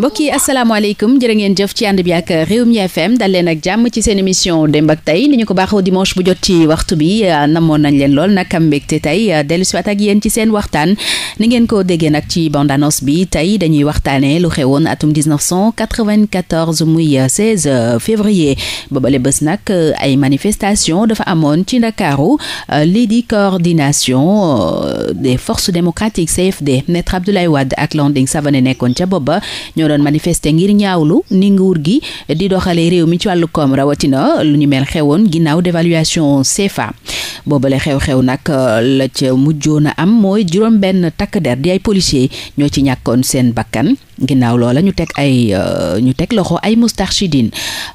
mbokk yi asalaamaaleykum jërë ngeen jëf ci ànd bi ak Rewmi FM dal leen ak jàmm ci seen émission démb ak tey ni ñu ko baaxoo dimanche bu jot ci waxtu bi euh, namoon nañ leen lool nag te mbégte tey euh, dellusiwaat ak yéen ci seen waxtaan ni ngeen ko déggee nag ci bande annonce bi tey dañuy waxtaanee lu xewoon atum 1994 muy 16 euh, février boobale bés nag ay manifestation dafa amoon ci Ndakaaru lii di coordination des forces démocratiques CFD Maître Abdoulaye wadd ak Landing Savané nekkoon ca booba ñoo doon manifester ngir ñaawlu ni nguur gi di doxalee réew mi ci wàllu koom rawatina lu ñu mel xewoon ginnaaw dévaluation CFA boobale xew-xew nag euh, la ca mujjoon a am mooy juróom benn takk der di ay policier ñoo ci ñàkkoon seen bakkan ginnaaw loola ñu teg ay euh, ñu teg loxo ay moustarchidine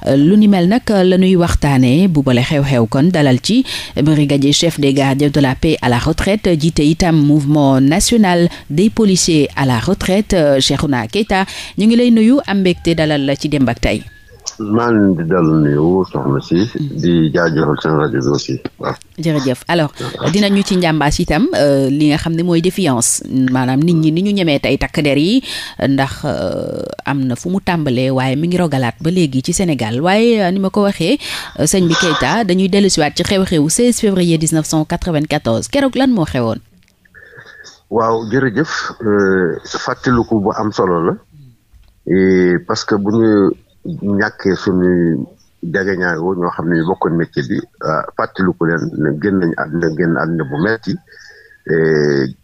euh, lu ni mel nag la ñuy waxtaanee boobale xew-xew kon dalal ci brigadier chef des gardiens de la paix à la retraite jiite itam mouvement national des policiers à la retraite na Keita ñu ngi lay nuyu am mbégte dalal la ci Demb ak Tay maa ngi leen di dal nuyu soxna si. di jaajëfal seen rajo bi aussi waaw. jërëjëf alors dinañu ci njàmbaas itam euh, li nga xam ne mooy défiance maanaam nit ñi ni ñu ñemee tey takk der yi ndax euh, am na fu mu tàmbalee waaye mi ngi rogalaat ba léegi ci Sénégal waaye euh, ni ma ko waxee sëñ bi Keita dañuy dellusiwaat ci xew xew 16 février 1994 keroog lan moo xewoon. waaw jërëjëf fàttaliku bu am solo la parce que bu ñu ñàkkee ñaar jageñaayoo ñoo xam ne bokkoon métier bi euh, fàttaliku leen ne génn nañu àdduna génn àdduna bu metti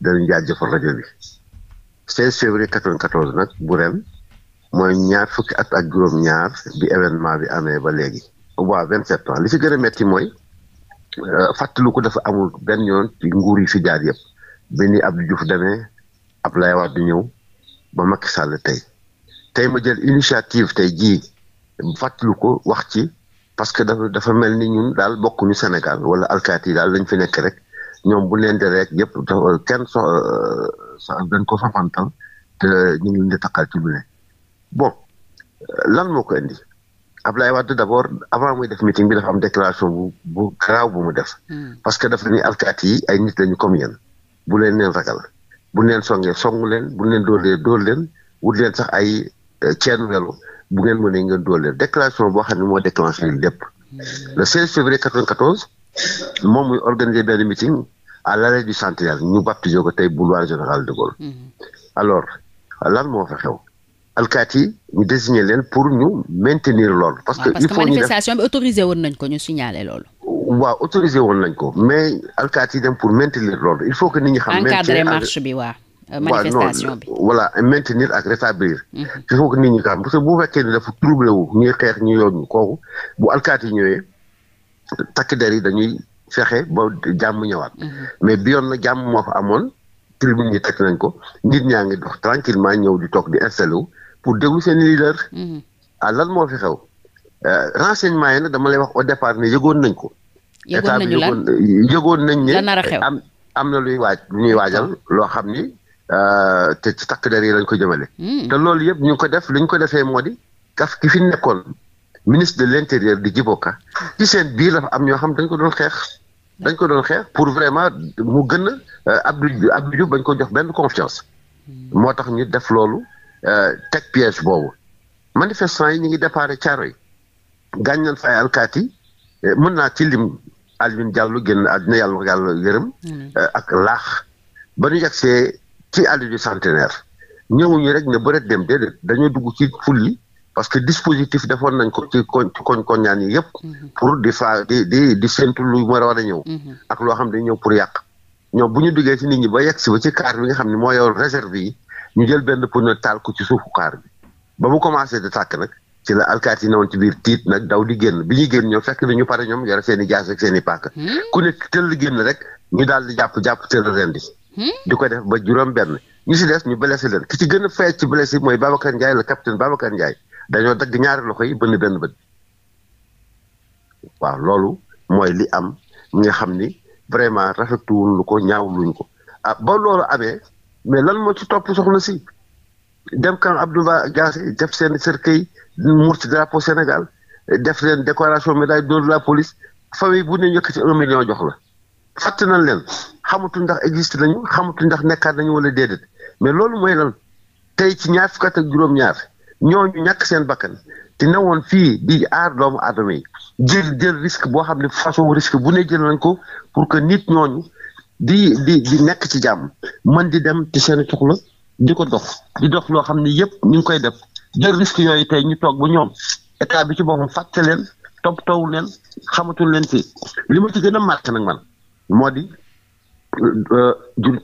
danañ jaajëfal rajo bi 16 février 94 nag bu ren mooy ñaar fukki at ak juróom-ñaar bi événement bi amee ba léegi waaw 27 ans li ci gën a métti mooy euh, fàttaliku dafa amul benn yoon ci nguur yi fi jaar yëpp bi ni Abdou Diouf demee Abdoulaye Wade ñëw ba Macky Sall tey tey ma jël initiative tey jii fàttaliku ko wax ci parce que dafa dafa mel ni ñun daal bokkuñu Sénégal wala alkaati yi daal lañ fi nekk rek ñoom bu leen de rek yëpp dafa kenn so euh, dañ ko soxantal te ñu ngi leen di taqal ci lu ne bon lan moo ko indi Ablaye Wade d'abord avant muy def meeting bi dafa am déclaration bu bu garaaw bu mu def. Hmm. parce que dafa ni alkaati yi ay nit lañu comme yéen bu leen leen ragal bu leen songee songu leen bu leen dóor leen dóor leen wut leen sax ay euh, ceenu welu bu ngeen mënee ngeen dooleel déclaration boo xam ne moo déclenché lépp mm. le 16 février 94 moom muy organisé benn meeting à l'arrêt du centenaire ñu baptisé ko tey boulevard général de Gaulle. Mm. alors lan moo fa xew. alkaat yi ñu désigné leen pour ñu maintenir loolu. parce que il faut ñu manifestation bi autorisé woon nañ ko ñu signalé loolu. waaw autorisé woon nañ ko mais alkaat yi dem pour maintenir loolu il faut que nit ñi. xam maintenir encadré marche bi waaw. Euh, manifestation bi voilà maintenir ak rétablir. il faut que nit ñi xam parce que bu fekkee ni dafa troublé wu ñuy xeex ñu yoon kooku bu alkaati ñëwee takk der yi dañuy fexe ba jàmm ñëwaat. Mhm. mais bi yoon na jàmm moo fa amoon tribune yi takk nañ ko nit ñaa ngi dox tranquillement ñëw di toog di installé wu pour déglu seen leader. Mhm. ah lan moo fi xew euh, renseignement yi nag dama lay wax au départ ne yëgoon nañ ko. yëgoon nañ ne. am na luy waaj lu ñuy waajal loo xam ni. Euh, te ci takk der yi lañ ko jëmale. Hmm. te loolu yëpp ñu ngi ko def li ñu ko defee moo di gaf ki fi nekkoon ministre de l'intérieur di Djiboka ci seen biir dafa am ñoo xam dañ ko doon xeex. dañ ko doon xeex pour vraiment mu gën a euh, Abdou Abdou bañ ko jox benn confiance. Hmm. moo tax ñu def loolu euh, teg piège boobu. manifestant yi ñu ngi déparé caaro yi gaañ nañ fa ay alkaati mën naa ci lim Alioune Diallo génn àddina yàlla yàlla yërëm. Hmm. ak laax ba ñu yegsee ci àll du centenaire ñëwuñu rek ne bëret dem de dañoo dugg ci ful yi parce que dispositif defoon nañ ko ci koñ koñ koñaan yi yëpp mhm. pour di fa di di di séntu lu ma war a ñëw mhm. ak loo xam ne ñëw pour yàq ñoom bu ñu diggee ci nit ñi ba yegg si ba ci kaar bi nga xam ne moo yor réserve yi ñu jël benn pneu taal ko ci suufu kaar bi ba mu commencé di tàkk nag ci la alkaati yi woon ci biir tiit nag daw di génn bi ñuy génn ñoom fekk na ñu pare ñoom yore seen i jaas ak seen i hmm? génn rek ñu daal di jàpp jàpp tëll rendi Hmm? du ko def ba juróom benn ñu si des ñu blessé leen ki ci gën a fay ci blessé mooy Babacar Ndiaye la capitaine Babacar Ndiaye dañoo dagg ñaari loxo yi bënn benn bët waaw loolu mooy li am nga xam ni vraiment rafetuwul lu ko ñaawluñ ko ah ba loolu amee mais lan moo ci topp soxna si dem kan Abdou Ba Diassé def seen cercueil muur ci drapeau Sénégal def leen décoration médaille d'or de la police famille bu ne ñu yëkkati un million jox la fàtte nañ leen xamatuñ ndax existe nañu xamatu ndax nekkaat nañu wala déedéet mais loolu mooy lan tey ci ñaar fukk ak juróom-ñaar ñooñu ñàkk seen bakkan te newoon fii di aar doomu aadama yi jël jël boo xam ne façon risque bu ne jël nañ ko pour que nit ñooñu di di di nekk ci jàmm man di dem ci seen soxla di ko dox di dox loo xam ne yëpp ñu ngi koy def jël risque yooyu tey ñu toog ba ñoom état bi ci boppam fàtte leen toppatoo leen xamatul leen ci li ma ci gën a marqué man. moo di euh,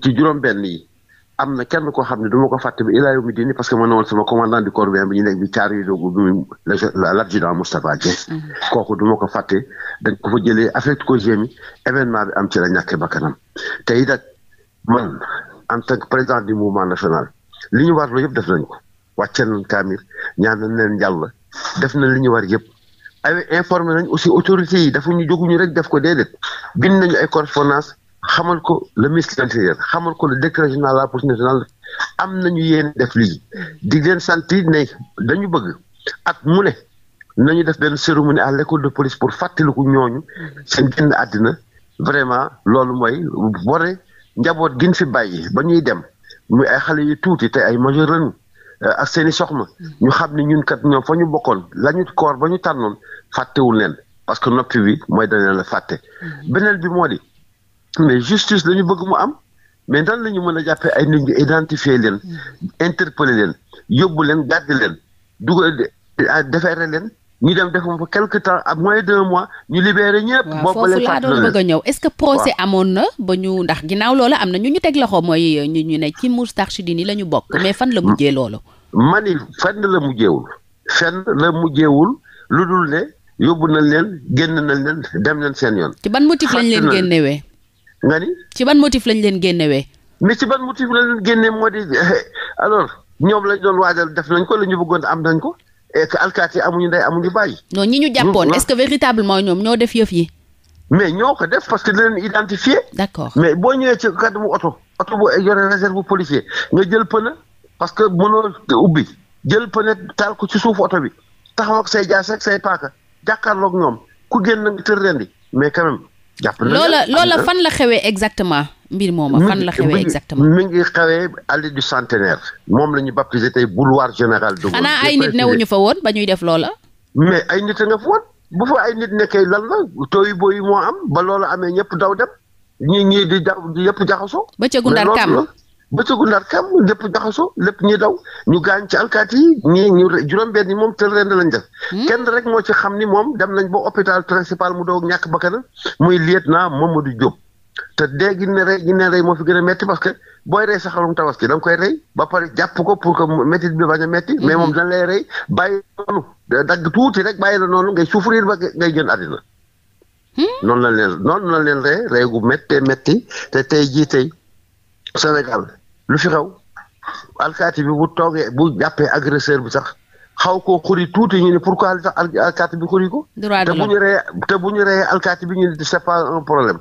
ci juróom-benn yi am na kenn koo xam ne du ko fàtte bi ilaa yawmi diini parce que ma ne woon sama commandant du corps bi ñu nekk bi caar yi doogu bi mu l'adjudant Moustapha Dieng mm-hmm. kooku du ko fàtte dañ ko fa jëlee affecté ko gémi événement bi am ci la ñàkk bakkanam te it ak man en tant que président du mouvement national li ñu war loolu yëpp def nañ ko wàccee nañ kaamir ñaan nañ leen yàlla def nañ li ñu war yëpp ay informé nañ aussi autorités yi dafa ñu jóguñu rek def ko déedéet bind nañu ay correspondance xamal ko le ministre de xamal ko le directeur régional la police nationale am na ñu yéen def lii di leen sant ne dañu bëgg at mu ne nañu def benn cérémonie à l'école de police pour fàttaliku ñooñu seen génn àddina vraiment loolu mooy ware njaboot gin fi bàyyi ba ñuy dem muy ay xale yu tuuti te ay majeur lañu ak seen i soxna ñu xam ne ñun kat ñoom fa ñu bokkoon la ñu koor ba ñu tànnoon fàttewul leen parce que noppi bi mooy dana la fàtte. Mm-hmm. beneen bi moo di mais justice la ñu bëgg mu am mais nan la ñu mën a jàppee ay nit ñu identifier leen mm-hmm. interpeller leen yóbbu leen garder leen dugal defeere leen. ñu dem defum fa quelque temps ak moins d'un mois ñu libéré ñëpp. waaw foofu laa doon a ñëw est-ce que procès amoon na ba ñu ndax ginnaaw loolu am na ñu ñu teg loxo mooy euh, ñu ñu ne ci Moustarchidine la ñu bokk mais fan la mujjee loolu. mani fenn la mujjeewul fenn la mujjeewul lu dul ne yóbbu nañ leen génn nañ leen dem nañ seen yoon. ci ban motif lañ leen génnewee. nga ni ci ban motif lañ leen génnewee. mais ci ban motif lañ leen génnee moo di alors ñoom lañ doon waajal def nañ ko la ñu bëggoon am nañ ko. et que alkaati yi amuñu ndey amuñu bàyyi. non ñi ñu jàppoon est-ce que véritablement ñoom ñoo def yëf yi. mais ñoo ko def parce que da leen mais boo ñëwee ci kanamu oto oto bu yore réserve policier nga jël parce que mënoo ubbi jël pneu taal ko ci suuf oto bi taxaw ak say jaas ak say paaka jàkkaarloog ñoom ku génn nga tër rendi mais quand jàpp na loola loola fan la xewee exactement mbir mooma fan la xewee exactement. mu ngi xewee allée du centenaire. moom la ñu baptisé tey boulevard général de Gaulle. xanaa ay nit newuñu fa woon ba ñuy def loola. mais ay nit a nga woon bu fa ay nit nekkee lan la tooy booy yi moo am ba loola amee ñëpp daw dem ñii ñii di ja yëpp jaxasoo. ba ca Gundar Kam bëccëgu ndar kam lépp jaxasoo lépp ñi daw ñu gaañ ci alkaati yi ñu juróom-benn yi moom tël rend lañ def hmm? kenn rek moo ci xam ni moom dem nañ ba hôpital principal mu doog ñàkk na muy lieutenant Mamadou Diop te dee gi ne rey gi ne rey moo fi gën a metti parce que booy rey sa xarum tabaski da nga koy rey ba pare jàpp ko pour que métti bi bañ a metti mais moom hmm. dañ lay rey bàyyi noonu dagg tuuti rek bàyyi la noonu ngay souffrir ba ngay jën àddina hmm? noonu la leen noonu la leen rey rey gu méttee métti te tey jii tey Sénégal lu fi xaw alkaati bi bu toogee bu jàppee agresseur bi sax xaw koo xuri tuuti ñu ne pour li tax alkaati bi xuri ko. te bu ñu reyee te bu ñu reyee alkaati bi ñu ne c'est pas un problème.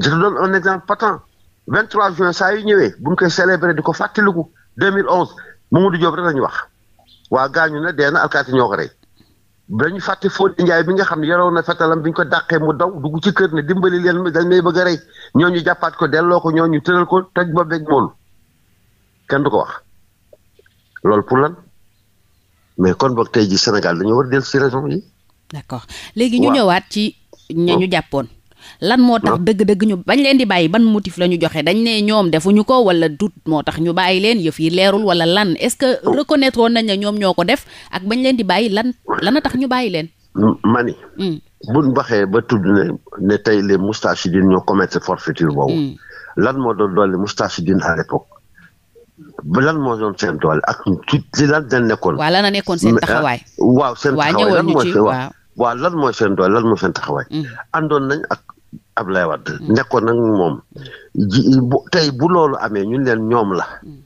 je te donne un exemple patent 23 juin saa yu ñëwee bu ñu koy célébrer di ko ko fàttaliku 2011 Mamadou Diop rek la ñu wax waa gaañu na dee na alkaati ñoo ko rey. ñu fàtte Fodé njaay bi nga xam ne yoroon na fetalam bi ko dàqee mu daw dugg ci kër ne dimbali leen dañ bëgg a rey ñooñu jàppaat ko delloo ko ñooñu tëral ko toj ba beeg moom. kenn du ko wax loolu pour lan mais kon boog tey ji Sénégal dañu war a dellu si raison yi. d'accord léegi ñu ñëwaat ci ña ñu oh. jàppoon. lan moo tax ah. dëgg-dëgg ñu bañ leen di bàyyi ban motif la ñu joxe dañ ne ñoom defuñu ko wala dut moo tax ñu bàyyi leen yëf yi leerul wala lan est-ce que oh. reconnaître woon nañ ne ñoom ñoo ko def ak bañ leen di bàyyi lan lan a tax ñu bàyyi leen. mani. Hmm. buñ waxee ba tudd ne ne tey les moustachidines ñoo commettre forfaiture boobu. Hmm. lan moo doon doon les moustachidines à lan mooy doon seen tool ak ci lan dañ nekkoon. waaw lan la nekkoon seen taxawaay. Ah, waaw seen taxawaay lan mooy waaw waaw lan mooy seen tool lan mooy seen taxawaay. Mm. àndoon nañ ak Ablaye Wade. Mm. nekkoon nag moom ji bu tey bu loolu amee ñun leen ñoom la. Mm.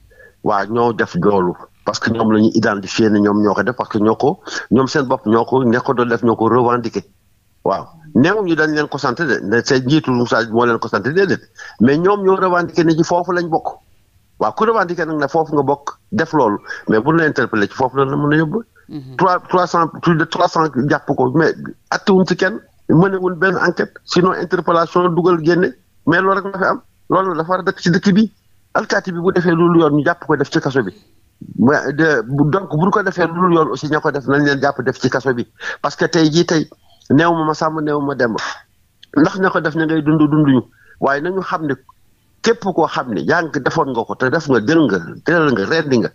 waa ñoo def loolu. parce que ñoom la ñu identifié ne ñoom ñoo ko def parce que ñoo ko ñoom seen bopp ñoo ko ñoo ko doon def ñoo ko revendiqué. waaw néew ñu dañ leen ko sant de ne seen njiitu Moussa moo leen ko sant déedéet mais ñoom ñoo revendiqué ne ci foofu lañ bokk. waaw ku revendiqué nag ne foofu nga bokk def loolu mais bu ñu la foofu la la mën a yóbbu. Mhm. trois trois cent plus de trois cent jàpp ko mais attiwuñ ci kenn mënewuñ benn enquête sinon interpellation dugal génne mais loolu rek la fi am loolu dafa war a dëkk ci dëkk bi alkaati bi bu defee loolu yoon ñu jàpp ko def ci kaso bi. mais de donc bu ko defee lu dul yoon aussi ña ko def nañ leen jàpp def ci kaso bi parce que tey jii tey néew ma ma sàmm néew ma dem ndax ña ko def ña ngay dund dunduñu waaye nañu xam ne képp koo xam ne yaa ngi defoon nga ko te def nga jël nga tëral nga rendi nga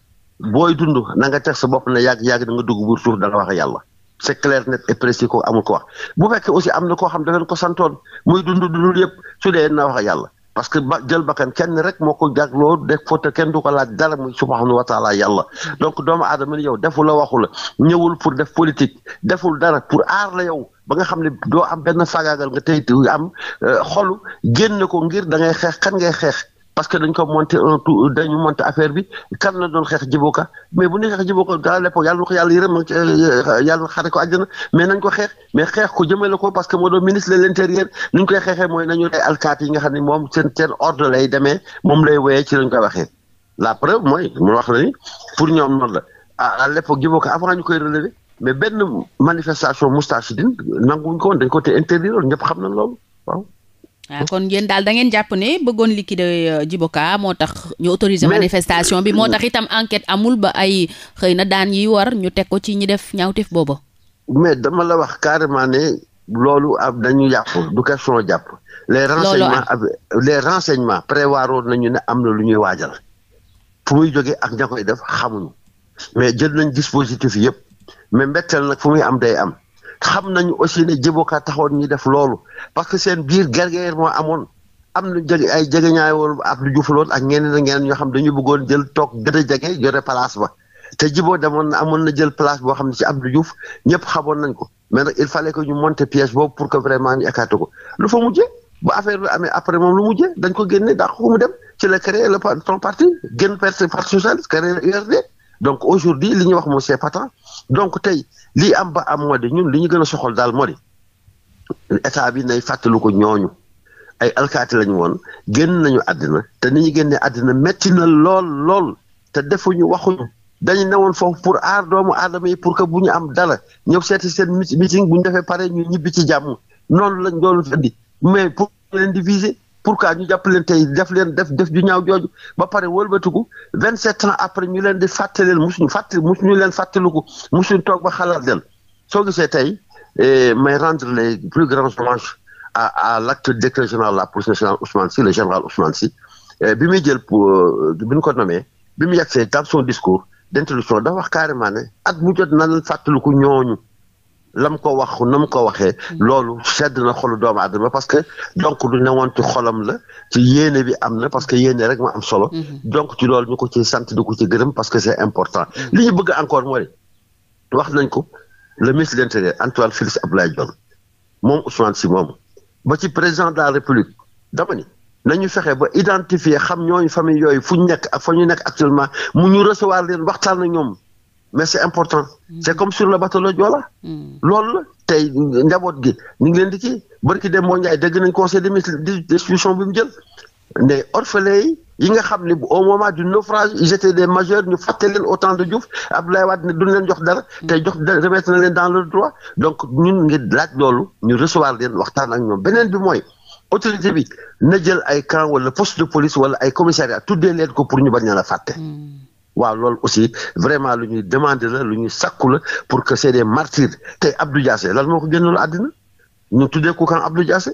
booy dund na nga teg sa bopp ne yàgg yàgg da nga dugg buur suuf da nga wax yàlla c'est clair net et ko amul ko wax bu fekkee aussi am na koo xam ne da leen ko santoon muy dund dundul yëpp su dee na wax yàlla parce que ba jël bakkan kenn rek moo ko jagloo def fa kenn du ko laaj dara muy subhaanahu wa taala yàlla donc doomu aadama ni yow defu la waxu la ñëwul pour def politique deful dara pour aar la yow ba nga xam ne doo am benn fagaagal nga tey am euh, xolu génne ko ngir da ngay xeex kan ngay xeex. parce que dañ ko monté un tout dañu monté affaire bi kan la doon xeex jiboka mais bu ñu xeex jiboka à a yàlla na ko yàlla yërëm ko àjjana mais nañ ko xeex mais xeex ko jëmale ko parce que moo doon ministre de l'intérieur ni ñu koy xeexee mooy nañu rey alkaati yi nga xam ne moom seen seen ordre lay demee moom lay woyee ci lañ koy waxee la preuve mooy mu wax la ni pour ñoom noonu la à l'époque jiboka avant ñu koy relever mais benn manifestation Moustachidine nanguwuñ ko woon dañ ko te interdire ñëpp xam nañ loolu Ah, kon yéen daal da ngeen jàpp ne bëggoon liquider euh, de Ka moo tax ñu autoriser manifestation bi moo tax itam enquête amul ba ay xëy na daan yi war ñu teg ko ci ñi def ñaawteef boobu mais dama la wax carrément ne loolu ab dañu yàpp du question jàpp les renseignements les renseignements prévoiroon nañu ne am na lu ñuy waajal fu muy jógee ak ña koy def xamuñu mais jël nañ dispositif yëpp mais mbetteel nag fu muy am day am xam nañu aussi ne jëboka taxoon ñuy def loolu parce que seen biir guerre moo amoon am na jege ay jegeñaay woon Abdou Diouf loon ak ñeneen ak ñeneen ñoo xam dañu bëggoon jël toog gën a jege yore place ba te jiboo demoon amoon na jël place boo xam ne ci Abdou Diouf ñëpp xamoon nañ ko mais nag il fallait que ñu monter piège boobu pour que vraiment ñu écarté ko lu fa mujjee bu affaire bi amee après moom lu mujjee dañ ko génne dàq ko mu dem ci la créer le son parti génn parti parti donc aujourd'hui li ñuy wax moom c'est patent donc tey lii am ba am moo di ñun li ñu gën a soxal daal moo di état bi nay fàttaliku ko ñooñu ay alkaati lañu woon génn nañu àddina te ni ñu génnee àddina métti na lool lool te defuñu waxuñu dañu newoon foofu pour aar doomu aadama yi pour que bu ñu am dala ñëw seeti seen meeting bu ñu defee pare ñu ñibbi ci jàmm noonu lañ doon indi mais pour leen pour pourquoi ñu jàpp leen tey def leen def def ju ñaaw jooju ba pare wëlbatiku vingt sept ans après ñu leen de fàttaleel leen fàttali musuñu leen fàttaliku musuñu toog ba xalaat leen soo gisee tey eh, may rendre les plus grands hommages à à l' acte décret général la police nationale Ousmane Sy le général Ousmane eh, bi muy jël euh, bi ñu ko nommé bi mu yegsee dans son discours d' introduction da wax carrément ne at mu jot na leen fàttaliku ñooñu. la mu ko wax na mu ko waxee mm. loolu sedd na xolu doomu adama parce que donc lu newoon ci xolam la ci yéene bi am na parce que yéene rek ma am solo mm-hmm. donc ci loolu ñu ko ci sant di ko ci gërëm parce que c'est important mm. li ñu bëgg encore mooy wax nañ ko le ministre de l'intérieur Antoine ab Abdoulaye Diome moom Ousmane si moom ba ci président de la République dama ni ñu fexe ba identifier xam ñooñu famille yooyu fu ñu nekk ak fa ñu nekk actuellement mu ñu recevoir leen waxtaan na ñoom mais c'est important. Mm. c'est comme sur le bateau le Joola. Mm. loolu la tey njaboot gi ñu ngi leen di kii barki dem moo Ndiaye dégg nañ conseil des ministres de discussion bi mu jël ne orphelins yi yi nga xam ni bu au moment du naufrage ils étaient des majeurs ñu fàtte leen au temps de Diouf Abdoulaye Wade ne duñ leen jox dara. Mm. te jox remettre na leen dans le droit donc ñun ngi laaj loolu ñu recevoir leen waxtaan ak ñoom beneen bi mooy. autorité bi na jël ay camp wala poste de police wala ay commissariat tuddee leen ko pour ñu bañ a la waaw loolu aussi vraiment lu ñuy demander la lu ñu sakku la pour que c'est des martyrs tey Abdou Diassé lan moo ko génnoon àddina ñu tuddee ko kan Abdou Diassé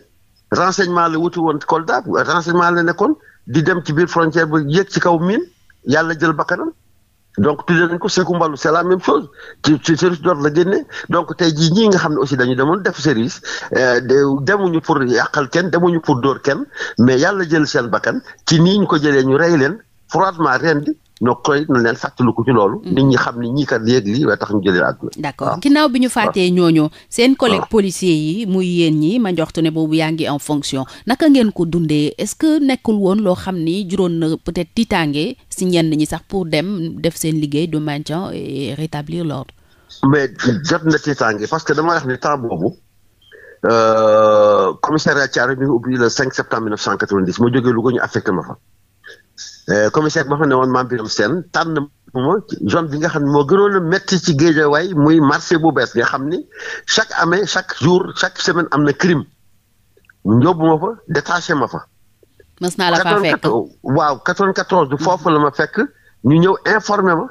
renseignement la wuti woon Kolda renseignement la nekkoon di dem ci biir frontière ba yéeg ci kaw miin yàlla jël bakkanam donc tuddee nañ ko Sékou Mbalou c'est la même chose ci ci service d'ordre la génne donc tey jii ñii nga xam ne aussi dañu demoon def service euh, demuñu pour yàqal kenn demuñu pour dóor kenn mais yàlla jël seen bakkan ci nii ñu ko jëlee ñu rey leen froidement ren di no koy nu leen fàttaliku ci loolu. Mm. nit ñi xam ni ñii kat léegi lii waaye tax ñu jëlee àdduna. d' accord bi ñu fàttee ñooñoo. seen collègue policier yi muy yéen ñi ma njoxtu ne boobu yaa ngi en fonction naka ngeen ko dundee est ce que nekkul woon loo xam ni juróon na peut être tiitaange si ñenn ñi sax pour dem def seen liggéey du maintien et rétablir l' ordre. mais jot na tiitaange parce que dama wax ni temps boobu euh, commissariat Thiaré bi ñu ubbi le 5 septembre 1990 ma jógee ñu affecté ma fa. Euh, commissaire boo xam ne woon Mame Birame Sène tànn ma zone bi nga xam ne moo gënoon a métti ci Guédiawaye muy marché bu bees nga xam ni chaque année chaque jour chaque semaine am na crime njóobu ma fa détaché ma fa. mës naa la faa fekk waaw foofu la ma fekk ñu ñëw informé ma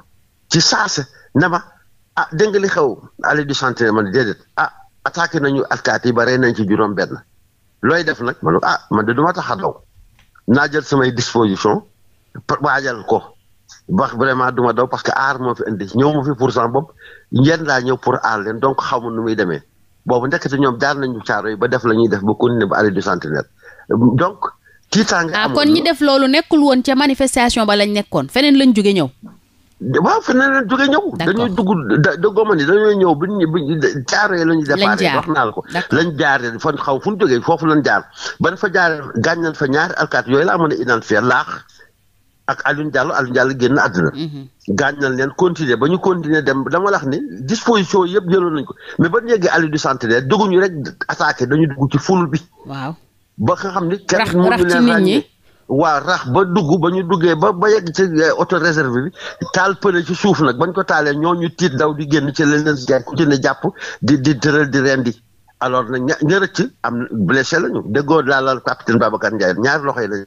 ci saase ne ma ah dégg nga li xew allée du chantier man déedéet ah attaqué nañu alkaati yi ba rey nañ ci juróom benn looy def nag ma ne ah ma de du ma tax a daw naa jël samay disposition waajal ko wax vraiment du ma daw parce que aar moo fi indi ñëw ma fi pour sama bopp ngeen laa ñëw pour aar leen donc xamul nu muy demee boobu ndekete ñoom jaar nañu caaro yi ba def la ñuy def ba continuer ba année du centenaire donc. tiitaange ah kon ñi def loolu nekkul woon ca manifestation ba lañ nekkoon feneen lañ jóge ñëw. waaw feneen lañ jóge ñëw. dañuy dugg dëggoo ma ni dañoo ñëw bu ñu caaro yi la ñuy. lañ jaar wax naa la ko lañ jaaree fan xaw fu ñu jógee foofu lañ jaar. ban fa jaaree gaañ fa ñaari alkaat yooyu laa mën a laax. ak Alioune Diallo Alioune Diallo génn àdduna. Mm-hmm. gaañ nañ leen continuer ba ñu continuer dem dama la ni disposition yëpp jëloon nañ ko mais ba ñu yeggee allée du centenaire dugguñu rek attaqué dañu dugg ci ful bi. waaw ba nga xam ni. rax rax ci nit ñi waaw rax ba dugg ba ñu duggee ba ba yegg ci eh, auto réserve bi taal pëne ci suuf nag bañ ko taalee ñoo ñu tiit daw di génn ci leneen jaay ku ci jàpp di di dëral di rendi alors nag ña ña rëcc am blessé lañu déggoo daal capitaine Babacar Ndiaye ñaari loxo yi lañu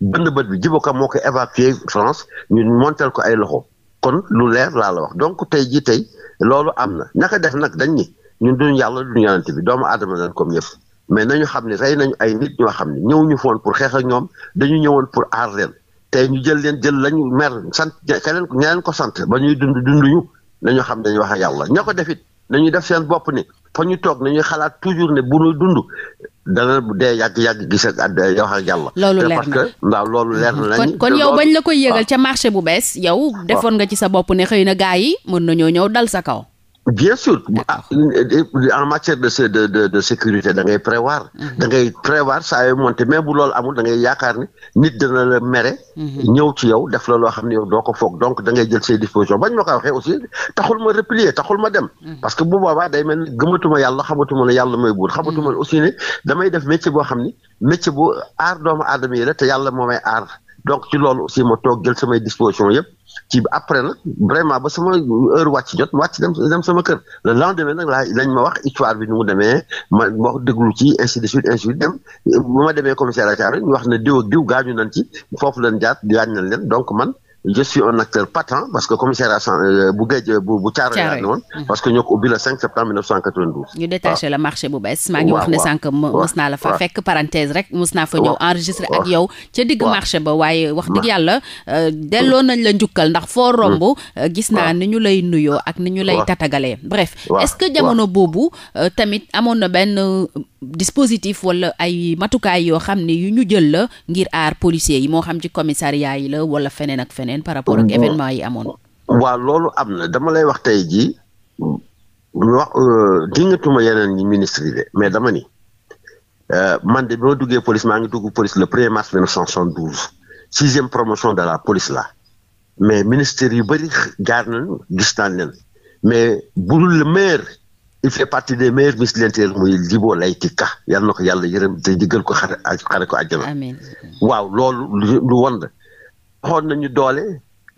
bënd bët bi Djibo Ka moo ko évacué France ñu monteel ko ay loxo kon lu leer laa la wax donc tey jii tey loolu am na naka def nag dañ ñi ñun duñ yàlla duñu yonent bi doomu aadama lañ comme ñëpp mais nañu xam ne rey nañu ay nit ñoo xam ne ñëw ñu foon pour xeex ak ñoom dañu ñëwoon pour aar leen tey ñu jël leen jël lañu mer sant keneen ñeneen ko sant ba ñuy dund dunduñu nañu xam dañu wax a yàlla ña ko defit nañu def seen bopp ni fa ñu toog nañuy xalaat toujours ne bu nu dund bu dee yàgg yàgg gis ak yow ak yàlla. loolu leer na parce waaw loolu leer mm-hmm. na. kon kon yow bañ la koy yëgal ah. ca marché bu bees yow. Ah. defoon nga ci sa bopp ne xëy na gaa yi mën na ñoo ñëw dal sa kaw. bien sûr ah, euh, en matière de de de, de sécurité da ngay prévoir. Mhm. da ngay prévoir saa yoo monté bu loolu amul da ngay yaakaar ni nit dana la mere. Mhm. ñëw ci yow def la loo xam ne yow doo ko foog donc dangay ngay jël say disposition bañ ma ko waxee aussi taxul ma replier taxul ma dem. Mhm. parce que bu boobaa day mel ni gëmatuma yàlla xamatuma ne yàlla mooy buur. xamatuma aussi ne damay def métier boo xam ni métier bu aar doomu aadama yi la te yàlla moom ay aar. donc ci loolu aussi ma toog jël samay disposition yëpp ci après nag vraiment ba sama heure wàcc jot wàcc dem dem sama kër le lendemain nag laa lañ ma wax histoire bi nu mu demee ma wax déglu ci ainsi de dem bu ma demee commissariat ñu wax ne diw ak diw gaañu nañ ci foofu leen jaat gaañ nañ leen donc man je suis un acteur patent parce que commissariat euh, bu géej euh, bu bu caaro yaa mhm. parce que ñoo ko ubbi le 5 septembre 1992. ñu détaché la marché bu bees. maa ngi wax ne sànq mës naa la fa fekk parenthèse rek mës naa fa ñëw enregistré ak yow. ca digg marché ba waaye wax dëgg yàlla euh, delloo nañ la njukkal ndax foo romb. Hmm. gis naa ni ñu lay nuyoo ak ni ñu lay tatagalee. bref est-ce que jamono boobu tamit amoon na benn dispositif wala ay matukaay yoo xam ne yu ñu jël la ngir aar policiers yi moo xam ci commissariat yi la wala feneen ak leneen par rapport ak événement yi amoon. waaw loolu am na dama lay wax tey jii wax euh, dingatuma yeneen ñi ministre yi de mais dama ni euh, man de bi ma duggee police maa ngi dugg police le premier mars 1972 sixième promotion de la police la mais ministère yu bëri jaar nañ gis naan leen mais budul le maire il fait partie des meilleurs ministres de muy Djibo Leyti Ka yal na ko yàlla yërëm te jéggal ko xare xare ko àjjana. waaw loolu lu woon la joxoon nañu doole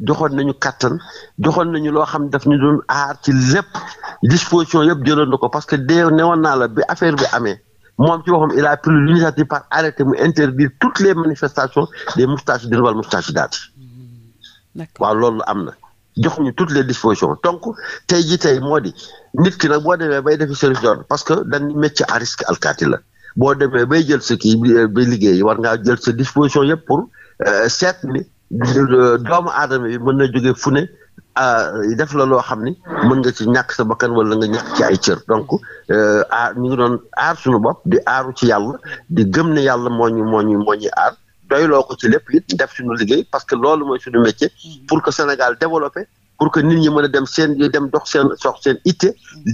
joxoon nañu kàttan joxoon nañu loo xam daf ñu doon aar ci lépp disposition yëpp jëloon na ko parce que dee newoon naa la bi affaire bi amee moom ci waxam il a pris l'initiative par arrêté mu interdire toutes les manifestations des moustachidines wal moustachidaat mmh. waaw loolu am na jox ñu toutes les dispositions donc tey ji tey moo di nit ki nag boo demee bay defi service d'ordre parce que dañ métier à risque alkaati la boo demee bay jël sa kii bi liggéey war ngaa jël sa disposition yëpp pour euh, seet ni Euh, doomu aadama bi mën na jóge fu ne def la loo xam ni mën nga ci ñàkk sa bakkan wala nga ñàkk ci ay cër donc euh, aar ñu ngi doon aar suñu bopp di aaru ci yàlla di gëm ne yàlla moo ñu moo ñu moo ñu aar doyloo ko ci lépp it def suñu liggéey parce que loolu mooy suñu métier pour que Sénégal développé pour que nit ñi mën a dem seen dem dox seen sox seen itte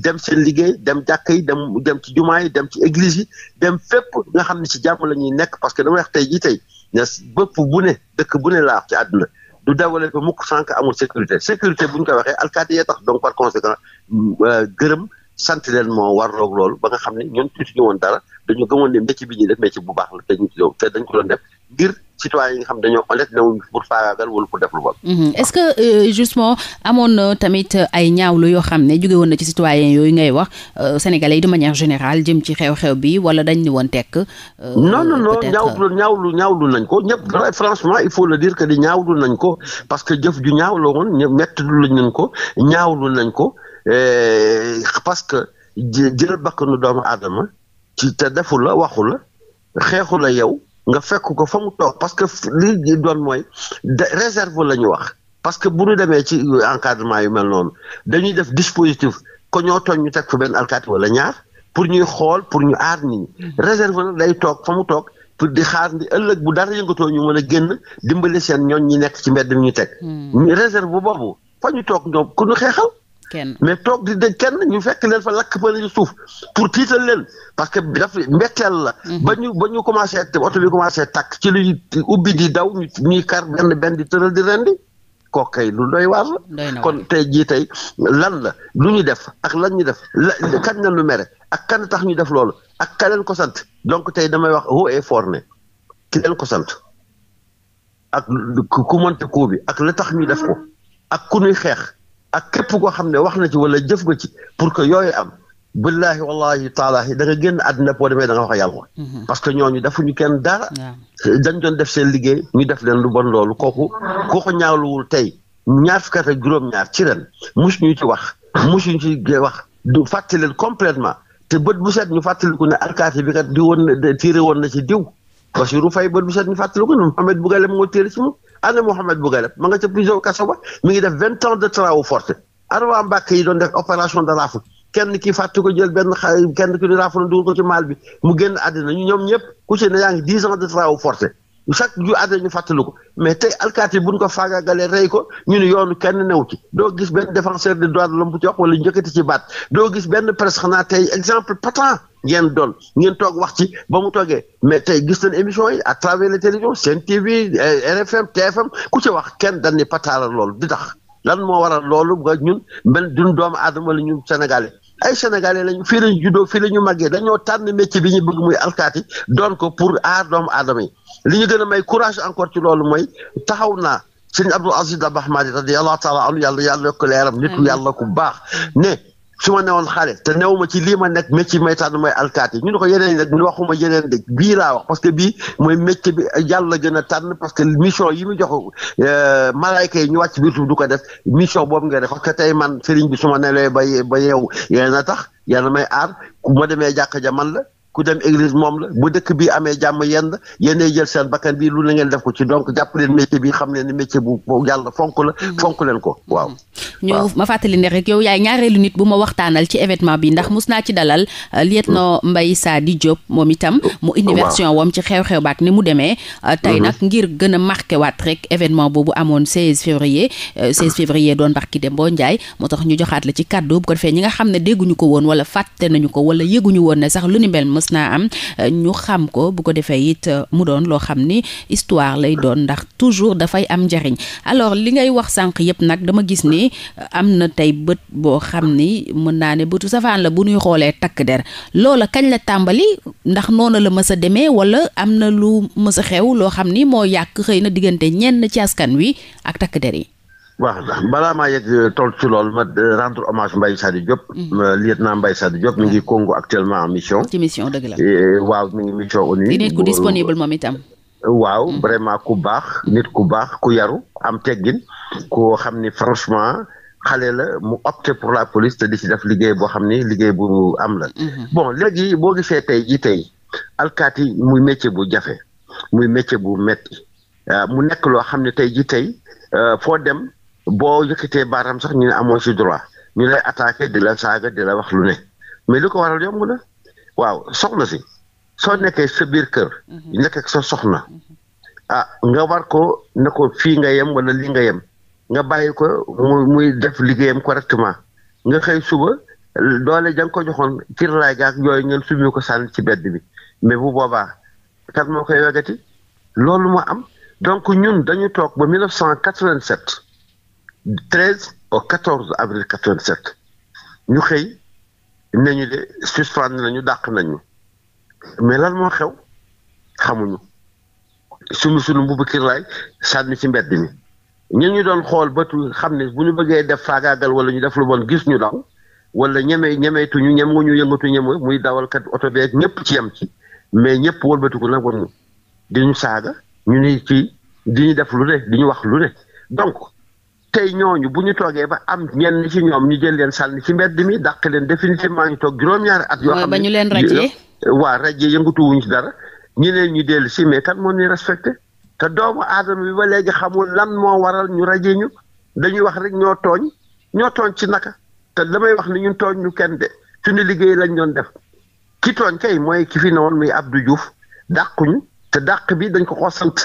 dem seen liggéey dem jàkka yi dem dem ci jumaa yi dem ci église yi dem fépp nga xam ne ci jàmm la ñuy nekk parce que dama wax tey tey bëpp bu ne dëkk bu ne laax ci àdduna du dawale ko mukk sànq amul sécurité sécurité bu ñu ko waxee alkaati yee tax donc par conséquent euh, gërëm sant leen moo warloog loolu ba nga xam ne ñun tuuti ñu woon dara dañu gëmoon ne métier bi ñuy def métier bu baax la te ñu ci te dañ ko doon def ngir citoyens yi nga xam dañoo honnête newuñ pour faagaagal wala ko def lu bon. Mhm. est-ce que euh, justement amoon na tamit euh, ay ñaawlu yoo xam ne jóge woon na ci citoyens yooyu ngay wax euh, sénégalais yi de manière générale jëm ci xew-xew bi wala dañ ni woon tekk. Euh, non non non ñaawlu ñaawlu ñaawlu nañ ko ñëpp très mhm. franchement il le dire que di ñaawlu nañ ko parce que jëf ju ñaaw la woon ñëpp métti luñ nañ ko ñaawlu nañ ko eh, parce que jël bakkanu doomu aadama ci te defu la waxu la xeexu la yow. nga fekk ko fa mu toog parce que li doon mooy réserve la ñu wax parce que bu ñu demee ci encadrement yu mel noonu dañuy def dispositif ko ñoo tooñ ñu teg fa benn alkaati wala ñaar pour ñuy xool pour ñu aar nit ñi mm-hmm. réserve nag toog fa mu toog pour di xaar ndi ëllëg bu dara yëngatoo ñu mën a génn dimbali seen ñoon ñi nekk ci mbedd mi ñu teg mm-hmm. réserve boobu fa ñu toog ñoom ku ñu xeexal kenn. mais toog di de kenn ñu fekk leen fa lakk ba ñu suuf pour tiital leen parce que daf la. Mhm. ba ñu ba ñu commencé oto bi commencé takk ci lu ubbi di daw ñuy kar benn benn di tëral di rendi kooku kay lu doy waar la. kon tey jii tey lan la lu ñu def ak lan ñu def la kan la lu mere ak kan tax ñu def loolu ak kaneen ko sant donc tey damay wax haut et ne ki leen ko sant ak ku monte ko bi ak la tax ñu def ko ak ku nuy xeex. ak képp koo xam ne wax na ci wala jëf nga ci pour que yooyu am billahi wallahi taalahi da nga génn àddina boo demee da nga wax yàlla mhm. parce que ñooñu defuñu kenn dara dañ doon def seen liggéey ñu def leen lu bon loolu kooku koo ko ñaawluwul tey ñaar fukki at juróom-ñaar ci ren mus ñu ci wax musuñu ci wax du fàttali complètement te bët bu set ñu fàttaliku ne alkaati bi kat di woon na ci diw Bassirou Faye bët bu set ñu fàttaliku ne Mohamed ana Mouhamed Bougaleb ma nga ca prison kaso ba mi ngi def vingt ans de travaux forcés ana waa Mbàkke yi doon def opération de rafle kenn ki fàtte ko jël benn xale kenn ki di rafle dugal ko ci maal bi mu génn àddina ñoom ñëpp ku ci ne yaa ngi dix ans de travaux forcés chaque ju àddee ñu fàttali ko mais tey alkaati buñ ko faagaagalee rey ko ñu ne yoonu kenn new ci doo gis benn défenseur des droits de l'homme bu ci wax wala njëkkati ci baat doo gis benn presse na tey exemple patent ngeen doon ngeen toog wax ci ba mu toogee mais tey gis nañ émission yi à travers les télévisions Sen TV eh, RFM TFM ku ci wax kenn dañ ne pataala loolu di tax lan moo waral loolu nga ñun benn duñ doomu aadama la ñun Sénégalais ay sénégalais lañu fii lañu juddoo fii la ñu màggee dañoo tànn métier bi ñu bëgg muy alkaati don ko pour aar doomu aadama yi li ñu gën a may courage encore ci loolu mooy taxaw naa sëñ Abdou Aziz Dabakh Madi radiyallahu taala anhu yàlla yàlla yokk leeram nitu yàlla ku baax ne su ma newoon xale te new ma ci lii ma nekk métier may tànn mooy alkaati ñu ne ko yeneen nag ñu waxuma yeneen de bii laa wax parce que bii mooy métier bi yàlla gën a tànn parce que mission yi mu jox euh, malaayka yi ñu wàcc biir suuf du ko def mission boobu nga def parce que tey man sëriñ bi su ma nelawee ba ba yeewu yéen a tax yàlla may aar bu ma demee jàkka ja man la ku dem église moom la bu dëkk bi amee jàmm yenn yéenay jël seen bakkan bi lu la def ko ci donc jàpp leen métier bi xam leen ne métier bu yàlla fonk la mm-hmm. fonk leen ko mm-hmm. waaw. ñu ma fàttali ne rek yow yaay ñaareelu nit bu ma waxtaanal ci événement bi ndax ci dalal euh, lieutenant mm-hmm. mu indi version ci xew-xew baak ni mu demee euh, tey nag ngir gën a marqué waat rek événement boobu amoon 16 février 16 euh, février doon barki Dembo Ndiaye moo tax ñu joxaat la ci kàddu bu ko defee naa am ñu xam ko bu ko defee it mu doon loo xam ni histoire lay doon ndax toujours dafay am njariñ alors li ngay wax sànq yëpp nag dama gis ni am na tey bët boo xam ni mën naa ne bëtu safaan la bu nuy xoolee takk der loola kañ la tàmbali ndax noonu la mës a demee wala am na lu mës a xew loo xam ni moo yàq xëy na diggante ñenn ci askan wi ak takk der yi waaw balaa maa yegg euh, ci loolu ma euh, rendre hommage Mbaye Sadio Diop. Mhm. Euh, lieutenant Mbaye Sadio Diop mi ngi Congo actuellement en mission. ci waaw mi ngi mission ONU. di nit ku waaw mhm. vraiment ku baax. nit ku baax ku yaru am teggin. koo xam ni franchement xale la mu opté pour la police te di ci def liggéey boo xam ni liggéey bu am la. Mhm. bon léegi boo gisee tey jii tey alkaati muy métier bu jafe muy métier bu metti mu nekk loo xam ne tey jii tey foo dem. boo yëkkatee baaram sax ñu ne amoo ci droit ñu lay attaqué di la saaga di la lu ne mais lu ko waral yomb na waaw soxna si soo nekkee sa biir kër. Mhm. nekk ak sa soxna. ah nga war ko ne ko fii nga yem wala li nga yem nga bàyyi ko muy muy def liggéeyam correctement nga xëy suba doole ja nga ko joxoon ci raay gaak yooyu ngeen summi ko sànni ci bedd bi mais bu boobaa kan moo koy wegati loolu moo am donc ñun dañu toog ba 1987. 13 o 14 avril 87 ñu xëy ne ñu de suspendre nañu dàq nañu mais lan moo xew xamuñu sunu sunu mbubu kirlaay sànni ci mbedd mi ñun ñu doon xool ba tu xam ne bu ñu bëggee def faagaagal wala ñu def lu bon gis ñu daw wala ñeme ñemeetuñu ñem wu ñu yëngatu ñeme muy dawalkat oto beeg ñëpp ci yem ci mais ñëpp wëlbatiku nag war ñu di ñu saaga ñu ni ci di ñu def lu ne di ñu wax lu ne donc. tey ñooñu bu ñu toogee ba am ñenn ci ñoom ñu jël leen sànni ci mbedd mi dàq leen définitivement ñu toog juróom-ñaari at. yoo xam ne ñu leen rajee. waa rajee yëngatu wuñ ci ñu dellu si mais kan moo ñuy respecté te doomu aadama bi ba léegi xamul lan moo waral ñu rajee ñu dañuy wax rek ñoo tooñ ñoo tooñ ci naka te damay wax ni ñun tooñ ñu kenn de suñu liggéey lañ doon def ki tooñ kay mooy ki fi newoon muy Abdou Diouf dàquñu te dàq bi dañ ko ko sant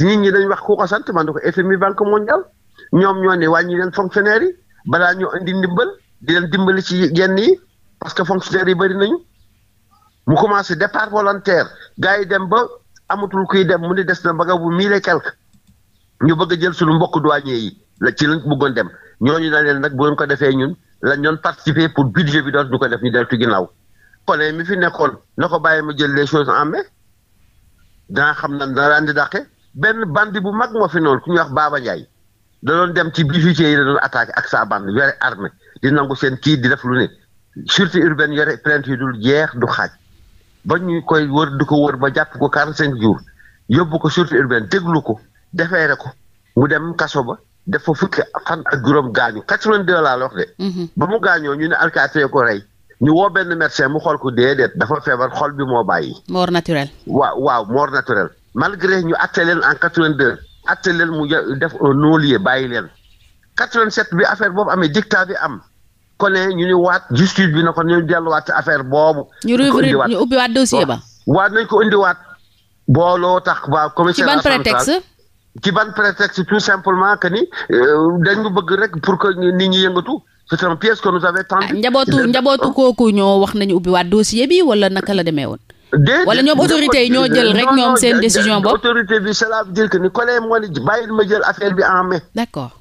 nit ñi dañ wax ku ko sant man da ko FMI banque mondiale ñoom ñoo ne wàññi leen fonctionnaire yi balaa ñu indi ndimbal di leen dimbali ci yenn yi parce que fonctionnaire yi bëri nañu mu commencé départ volontaire gars yi dem ba amatul kuy dem mu ni des na ba nga bu mille quelque ñu bëgg a jël suñu mbokk douanier yi la ci lañ bëggoon dem ñooñu na leen nag bu ngeen ko defee ñun lañ doon participer pour budget bi doon du ko def ñu deltu ginnaaw kone mi fi nekkoon na ko bàyyi ma jël les choses en main daa xam na daan di dàqe benn bandi bu mag moo fi noonu ku ñuy wax Baba Ndiaye da doon dem ci bijoutier yi da doon attaqué ak sa bande yore armée di nangu seen kii di def lu ne sûreté urbaine yore plainte dul jeex du xaaj ba ñu koy wër di ko wor ba jàpp ko quarante cinq jours yóbbu ko sûreté urbaine lu ko defeere ko mu dem kaso ba def fa fukki ak juróom gaañu quatre vingt deux laa la wax de. Mhm. ba mu gaañoo ñu ne alkaati ko rey. ñu woo benn médecin mu xool ko déedéet dafa feebar xol bi moo bàyyi. mort naturel. waaw waaw mort naturel. malgré ñu àtte leen en quatre vingt atte leen mu def un non-lieu bàyyi leen 87 bi affaire boobu amee dictat bi am kone ñu ni waat justice bi na ko ñu delluwaat affaire boobu. ñu rouvrir ñu ubbi waat dossier ba. waat nañ ko indiwaat. booloo tax waa commissaire. ci ban prétexte. ci ban prétexte tout simplement que ni euh, dañu bëgg rek pour que nit ñi yëngatu c'est un piège que nous avons tendu. Ah, njabootu njabootu kooku ñoo wax nañu ubbi waat dossier bi wala naka la demee woon. wala ñoom autorité yi ñoo jël rek ñoom seen décision bopp autorité bi cela veut dire que ni collègue moo bàyyil ma jël affaire bi en mai. d'accord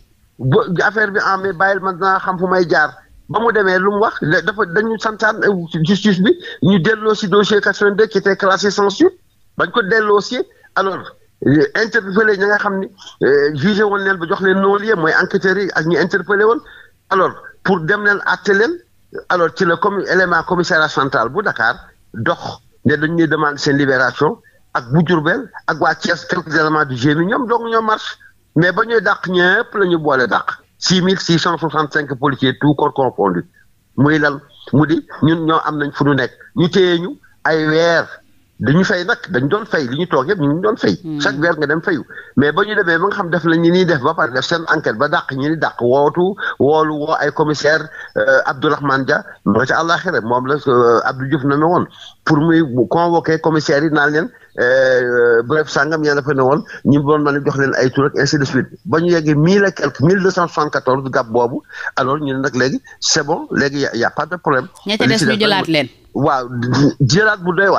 affaire bi en bàyyil ma naa xam fu may jaar. ba mu demee lu mu wax dafa dañu santaan justice bi ñu delloo si dossier 82 qui était classé sans suite bañ ko delloo si alors euh, interpellé ñi nga xam ni euh, jugé woon neen ba jox leen non-lieu mooy enquêteurs yi ak ñu interpellé woon alors pour dem leen àtte leen alors ci la comme élément commissariat central bu Dakar dox. ne dañ ñuy demande seen libération ak bu Diourbel ak waa Thiès quelques éléments du génie ñoom donc ñoo marche mais ba ñuy dàq ñëpp la ñu boole dàq six mille six cent soixante cinq policiers tout corps confondu muy lan mu di ñun ñoo am nañ fu ñu nekk ñu téye ñu ay weer dañu fay nag dañu doon fey li ñu toog yëpp ñu ngi doon fay. Hmm. chaque weer nga dem fayu mais ba ñu demee ba nga xam def la ñu ni def ba pare def seen enquête ba dàq ñu ni dàq wootu woolu woo ay commissaire euh, Abdourahmane Dia ma nga ca àllaaxira moom la euh, Abdou Diouf na ne woon pour muy convoqué commissaire yi naan leen euh, bref sangam yéen a fa ne woon ñu doon mën a jox leen ay tur ak ainsi de suite ba ñu yeggee mille et quelque mille deux cent soixante quatorze gàpp boobu alors ñu ne nag léegi c' est bon y' pas de problème. li ci des ñu leen. waaw jëlaat bu doy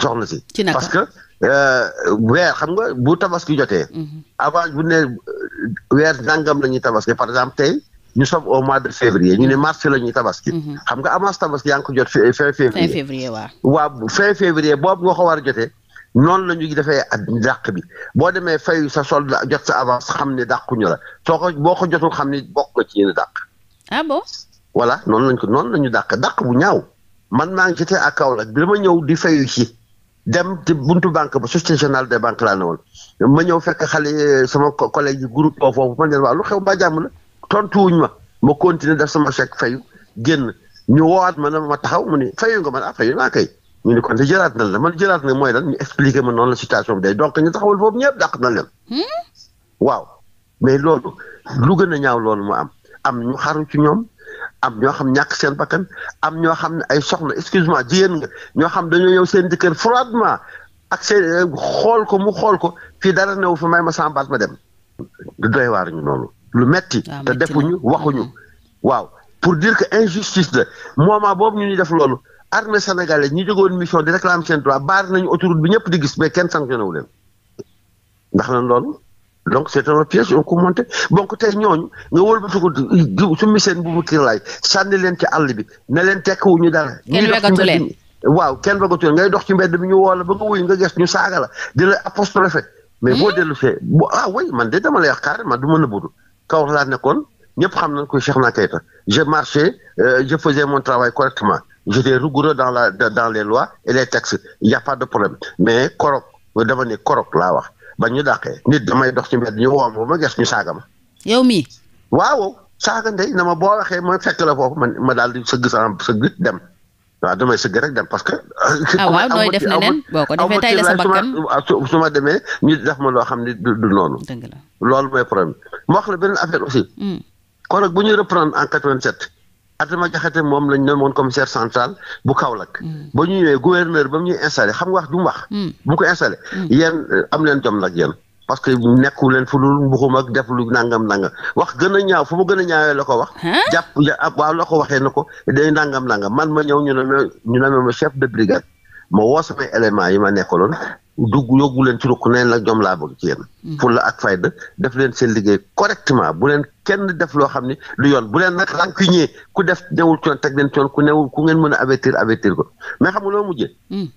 soxna si. parce que euh, weer xam nga bu tabaski jotee. Mhm. avant bu ne weer nangam la ñuy tabaski par exemple tey ñu sob au mois de février ñu ne mhm. mars la ñuy tabaski. Mhm. xam nga avance tabaski yaa ngi ko jot fin février. fin février waaw. waaw fin février boobu nga ko war a jotee. noonu la ñu defee ak dàq bi boo demee fay sa solde jot sa avance xam ne dàquñu la soo ko boo ko jotul xam ne bokk nga ci yéen dàq. ah bon. voilà noonu lañ ko noonu la ñu dàq dàq bu ñaaw man maa ngi jotee ak Kaolack bi dama ñëw di fayu ci dem ci buntu banque ba société générale des banques laa ne woon ma ñëw fekk xale eh, sama collègue yi groupe oo foofu man leen waaw lu xew mbaa jàmm la tontuwuñ ma ma continuer def sama chèque fayu génn ñu woowaat ma ne ma taxaw mu ni fayu nga man ah fayu naa kay ñu ni kon te jëlaat na la man jëlaat na mooy lan ñu expliquer ma noonu la situation bi day donc ñu taxawal foofu ñëpp dàq na leen hmm? waaw mais loolu lu gën a ñaaw loolu mu am am ñu xaru ci ñoom am ñoo xam ñàkk seen bakkan am ñoo xam ne ay soxna excuse jigéen nga ñoo xam dañoo ñëw seen jëkkër froidement ak seen xool ko mu xool ko fii dara newu fa may ma sambaat ma dem du doy waar ñu noonu lu metti te defuñu waxuñu waaw pour dire que injustice la moment boobu ñu ñuy def loolu armée sénégalaise ñu jógoon mission di réclamer seen droit baar nañu autoroute bi ñëpp di gis mais kenn sanctionné wu leen ndax lan loolu donc c' est un piège on ko monté donc tey ñooñu nga wëlbatu ko summi seen bu mu kiirlaay sànni leen ci àll bi ne leen tekk wu ñu wegatu waaw kenn wegatu leen ngay dox ci mbedd bi ñu woo la ba nga wuyu nga ges ñu saaga la di la mais boo hmm? dellu see boo ah oui man de dama lay wax carrément du ma nëbbuutu kaw laa nekkoon ñëpp xam nañ ko Cheikhna Keita je marchais euh, je faisais mon travail correctement j'étais rigoureux dans la dans le lois et les textes y a pas de problème mais korok dama ne korok laa wax. ba ñu dàqee nit damay dox ci mbedd ñu woo ma ma ges ñu saaga ma. yow mii. waaw saaga ndey na ma boo waxee ma fekk la foofu man ma daal di sëgg sama sëgg dem waaw damay sëgg rek dem parce que. ah waaw nooy def neneen boo ko defee tey la sa bakkan su ma demee ñu def ma loo xam ne du du noonu. dëgg loolu mooy problème ma wax la beneen affaire aussi. Hmm. kon nag bu ñu reprendre en 87. Adama Diakhaté moom lañ nomoon commissaire central bu Kaolack. Mm. ba ñu ñëwee gouverneur ba mu ñuy installé xam nga wax du mu wax. bu mm. ko installé. Mm. yéen euh, am leen jom nag yéen. parce que nekku leen fu dul mbuxum ak def lu nangam nangam wax gën a ñaaw fu mu gën a ñaawee la ko wax. jàpp ah, waaw la ko waxee na ko day nangam nangam man ma ñëw ñu ne ñu ne ma chef de brigade moo woo samay éléments yi ma nekkaloon dugg yóbbu leen ci ruq neen la ñoom laa bëgg ci yéen. Mm. fulla ak fayda def leen seen liggéey correctement bu leen kenn def loo xam ne du yoon bu leen nag rancunier ku def newul coon teg leen coon ku newul ku ngeen mën a avertir avertir ko mais xam nga loo mujjee. Mm.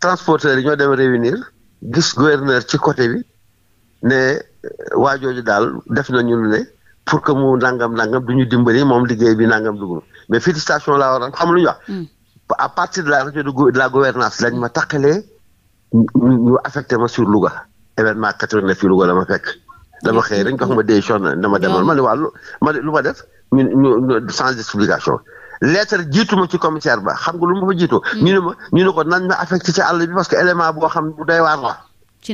transporteurs yi ñoo dem réunir gis gouverneur ci côté bi ne euh, waa jooju daal def na lu ne pour que mu nangam nangam du ñu dimbali moom liggéey bi nangam dugg mais fii station laa waroon xam lu ñu wax. Mm. à lañ ma taqalee. ñu affecté ma sur Louga événement 89 fi Louga la ma fekk. dama xëy rek jox ma décision dama demal ma ne waa ma lu ma def ñu ñu sans explication lettre jiitu ma ci commissaire ba xam nga lu ma fa jiitu. Hmm. ñu ne ma ñu ne ko nañ ma affecté ci àll bi parce que élément boo xam bu doy waar la. ci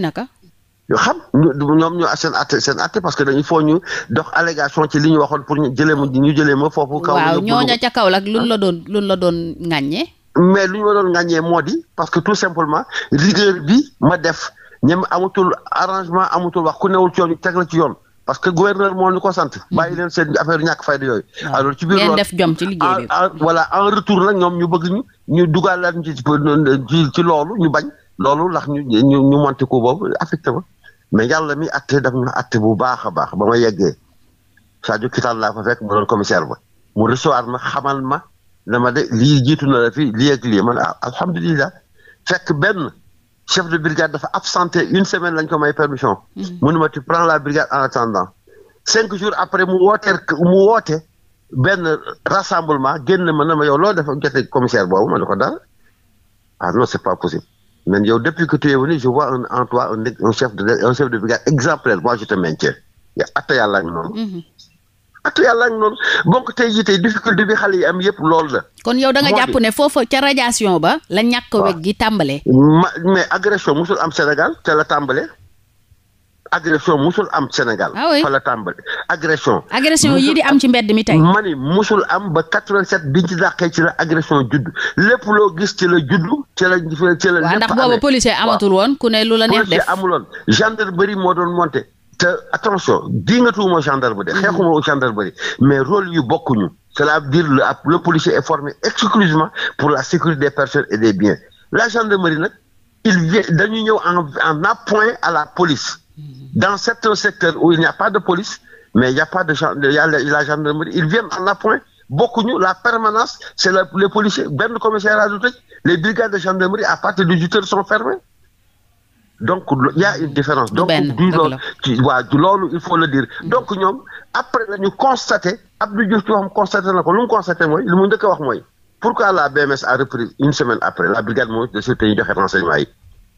yoo xam ñoom ñu seen atte seen parce que dañu faut ñu dox allégation ci li ñu waxoon pour ñu jëlee ma ñu jëlee ma foofu. kaw waaw ñooña ca kaw lak luñ la doon luñ la doon ŋàññee. mais lu ñu waroon ŋàññee moo di parce que tout simplement rigueur bi ma def ñem amatul arrangement amatul wax ku newul ci yoon teg la ci yoon parce que gouverneur moo ñu ko sant. bàyyi leen seen affaire ñàkk fayda yooyu. alors ci biir loolu def ñoom ñu bëgg ñu ñu dugalaat ci ci ci loolu ñu bañ loolu lax ñu ñu ñu monté ko boobu affecté ma mais yàlla mi atte daf na atte bu baax a baax ba ma yeggee Sadio Kital laa fa fekk mu doon commissaire ba mu recevoir ma xamal ma. ma de lii jiitu na la fii lii ak lii man ah, alhamdulilah fekk benn chef de brigade dafa absenté une semaine lañ ko may permission. Mhm. mu ne ma tu prends la brigade en attendant. cinq jours après mu woote mu woote benn rassemblement génn ma ne ma yow loo def jote commissaire boobu ma ne ko dara ah non c'est pas possible. man yow depuis que tu es venu je vois un en toi un chef de brigade exemplaire moi je te maintiens. atta yàlla ak noonu. atu yàlla ak noonu donc tey jii tey difficulté bi xale yi am yëpp loolu la. kon yow da nga jàpp ne foofa ca radiation ba. la ñàkk weg gi tàmbale. ma mais agression musul am Sénégal ca la tàmbale. agression musul am Sénégal. ah oui fa la tàmbale agression. agression yii di am ci mbedd mi tey. ma ni musul am ba 87 biñ ci dàqee ci la agression judd lépp loo gis ci la judd ci la ndax booba policier amatul woon ku ne lu la neex def policier amuloon moo doon monté. te attention di nga tuuma gendarmerie mm-hmm. mais rôle yu bokkuñu cela veut dire le le policier est formé exclusivement pour la sécurité des personnes et des biens la gendarmerie nag il vient dañu ñëw appoint à la police mm-hmm. dans certains secteurs où il n'y a pas de police mais il y a pas de la gendarmerie ils viennent en appoint bokkuñu la permanence c'est les policiers benn commissariat du les brigades de gendarmerie à partir sont fermées donc il y loolu ci waa loolu il faut le dire. Mm. donc ñoom après la ñu constaté Abdou Diouf ci waxam constaté na ko lu mu constaté mooy lu mu njëkk wax wax mooy. pourquoi la BMS a repris une semaine après la brigade mooy de sûreté yi joxe renseignement yi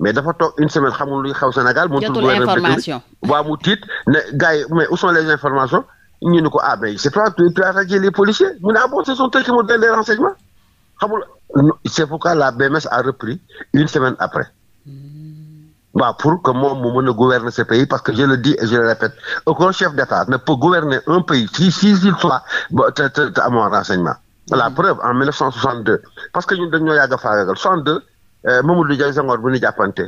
mais dafa toog une semaine xamul luy xew Sénégal. mu waa tiit ne gars mais où sont les informations ñu ne ko ah mais c'est toi tu as attaqué les policiers mu ne ah bon ce sont eux qui m'ont donné c'est pourquoi la waaw pour que moom mu mën a gouverner ce pays parce que je le dis et je le répète aucun chef d'État ne peut gouverner un pays si si il soit te te te renseignement. Mm-hmm. la preuve en 1962 parce que ñun dañoo yàgg a faagagal 62 euh, Mamadou Dia Senghor bu ñu jàppante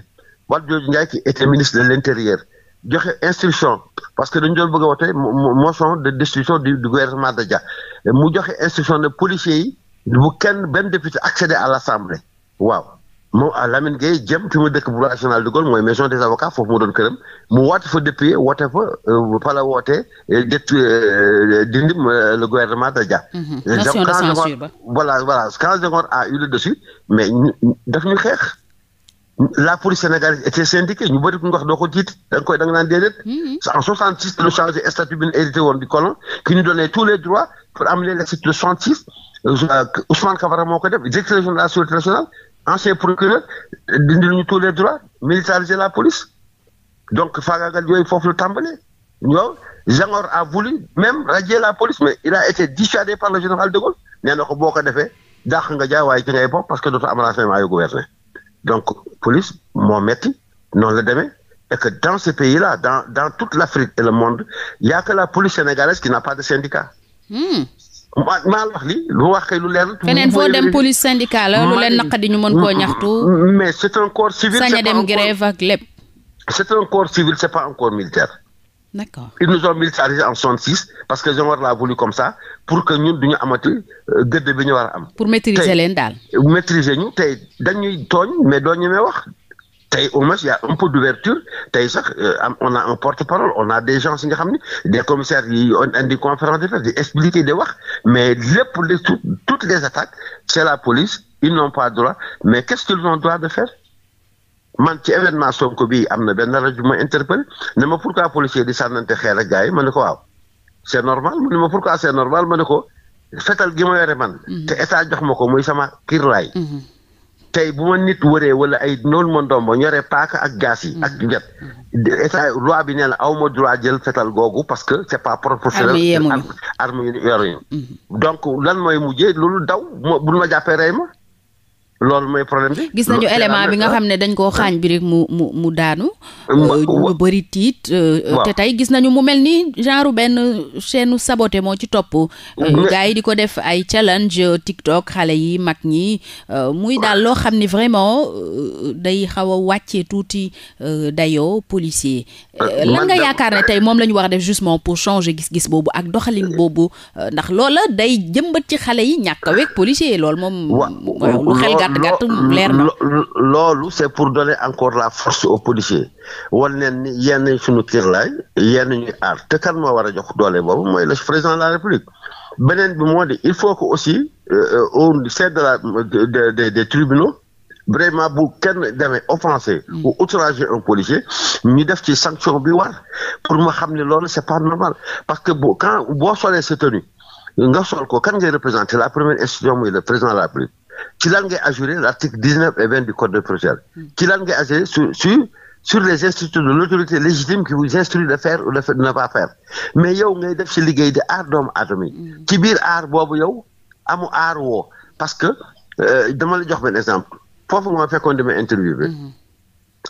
Valdiodio Ndiaye ki était ministre de l'intérieur joxe instruction parce que dañu doon bëgg a wote motion de destitution du gouvernement de Dia mu joxe instruction ne policiers yi bu kenn benn député accéder à l'assemblée waaw. moom à Lamine Gueye jëm fi mu dëkk bu national de Gaulle mooy maison des avocats foofu mu doon këram mu waat fa député woote fa euh, fa la wootee euh, dét euh, dindim le gouvernement de Dia. Mhm. nation de censure ba a eu le dessus mais daf ñu xeex. la police sénégalaise était syndiquée ñu bëri ku ñu wax ko jiit da nga koy da nga naan déedéet. Mhm. en 66 dañu changé statut bi ñu hérité woon du colon ki ñu donnait tous les droits pour amener le statut de 66 Ousmane moo ko def directeur général de la sécurité nationale ancien procureur euh, dindil ñu tous les droits militariser la police donc faagaagal yooyu foofu lu tàmbalee ñoom Senghor a voulu même radier la police mais il a été dissuadé par le général de Gaulle nee na ko boo ko defee dàq nga jaay waaye ci ngay bopp parce que dootu am renseignement yu gouverner donc police moo metti noonu la demee et que dans ce pays là dans dans toute l'Afrique et le monde il y a que la police sénégalaise qui n'a pas de syndicat. Hmm. maa maa la wax li lu wax kay lu leen. feneen foo dem police syndicale la lu leen naqadi ñu mën koo ñaxtu. Mm, mm, mm, mais c' est civil. sañ dem grève ak lépp. c' est un corps civil c' est pas un corps militaire. d' accord nous ont militarisés en soixante six parce que Senghor l'a voulu comme ça pour que ñun du ñu amati euh, gëdd bi ñu war a am. pour maîtriser leen daal. maîtriser ñu tey dañuy tooñ mais doo ñemee wax. tey au moins y' a un peu d'ouverture tey sax euh, on a un porte-parole on a des yi nga xam ne des commissaires yi on indi conférence de presse di expliquer di wax mais lépp les toutes les attaques c'est la police ils n'ont pas droit mais qu'est-ce droit de faire man ci événement Sonko bi am na benn rajo ma interpellé ne ma pourquoi policier di sànnante xeer ak gars yi ma ne ko waaw c'est normal mu ne ma pourquoi c'est normal ma ne ko fetal gi ma yore man mhm. état jox ma ko muy sama kiirlaay mhm. tey bu ma nit wëree wala ay noonu ma ndombo ñoree paaka ak gaas yi. ak mm-hmm. jet mm-hmm. état loi bi nee na aw ma droit jël fetal googu parce que c' est pas proportionnel. arme yemuñu arme yoruñu. Mm-hmm. donc lan mooy mujjee loolu daw ma buñ ma jàppee rey ma. loolu mooy problème bi. gis nañu élément bi nga xam ne dañ koo xaañ bi rek mu mu mu daanu. bëri euh, tiit. Euh, euh, te tey gis nañu mu mel ni genre benn chaîne saboté moo ci topp. gars yi di ko def ay challenge TikTok xale yi mag ñi. muy daal loo xam ni vraiment day xaw a wàccee tuuti dayoo policier. lan nga yaakaar ne tey moom la ñu war a def justement pour changer gis-gis boobu ak doxalin boobu ndax loola day jëmbat ci xale yi ñàkk a policier loolu moom. lu xel gàtt gàtt loolu c'est pour donner encore la force aux policiers wan neen ni yenn suñu kiirlaay yenn ñuy aar te kan moo war a jox doole boobu mooy le président de la république beneen bi moo de il faut que aussi euh, euh, au sein de la de de des tribunaux vraiment bu kenn demee offensé mm. ou outrager un policier ñu def ci sanction bi war pour ma xam ne loolu c'est pas normal parce que bu quand boo solee sa tenue nga sol ko kan ngay représenter la première institution muy le président de la ci lan ngay assurer l'article dix neuf et vingt du code de procédure ci hmm. lan ngay assurer sur su sur les instituts de l'autorité légitime qui vous instruit de faire ou de ne pas faire mais yow ngay def ci liggéey di aar doomu aadama yi hmm. ci biir aar boobu yow amu aar woo parce que euh, dama la jox benn exemple foofu moo fekkoon di ma interview bi hmm.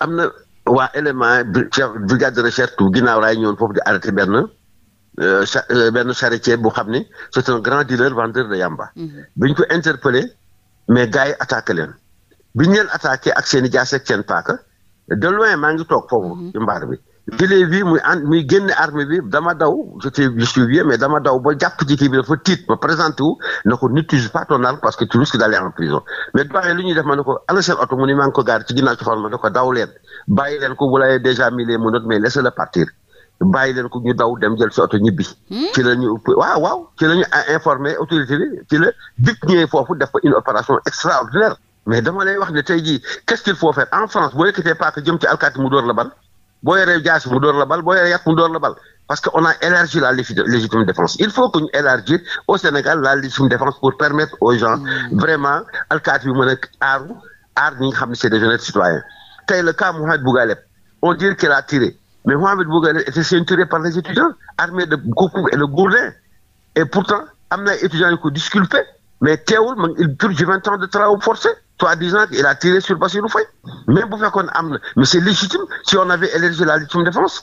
am na waa élément chef brigade de recherche bu ginnaaw raay ñëwoon foofu di arrêté benn euh, euh, benn charretier bu xam ne c'est un grand dealer vendeur de yamba. biñ ko mais gars yi attaqué bi ñu leen ak seen i jaas ak seen paaka de maa ngi toog foofu mhm. ci mbaar bi. gilet bi muy an muy génn armée bi dama daw j'étais mais dama daw ba jàpp ci kii bi dafa tiit ma présenté wu ne ko parce que tu risques d'aller en prison mais doyen lu ñuy def ma ne ko seen oto mu ngi ko gaar ci ginnaaw ci fan ma leen bàyyi leen ko vous déjà mis les mais laissez-le partir. bàyyi leen ko ñu daw dem jël si oto ñibbi. Hmm? ci la ñu waaw ci la informé autorité bi ci la dig ñëwee foofu def ko une opération extraordinaire mais dama lay wax ne tey jii qu'est-ce qu'il faut faire en France boo yëkkatee paaka jëm ci alkaati mu dóor la bal boo yoree jaasi mu dóor la bal boo yoree yàq mu dóor la bal parce que on a élargi la légitime défense il faut que ñu élargir au Sénégal la légitime défense pour permettre aux gens hmm. vraiment alkaati bi mën aar ñi xam ne c'est des jeunes citoyens tey le cas Mouhamed Bougaleb on dirait qu'il a tiré Mais Mohamed Bougaï était ceinturé par les étudiants, armés de coucou et de gourdins. Et pourtant, am na étudiants yu ko disculpé mais teewul ma il purge vingt ans de travail forcé soit disant qu'il a tiré sur Bassirou Faye mais bu fekkoon am na mais c'est légitime si on avait élargi la de défense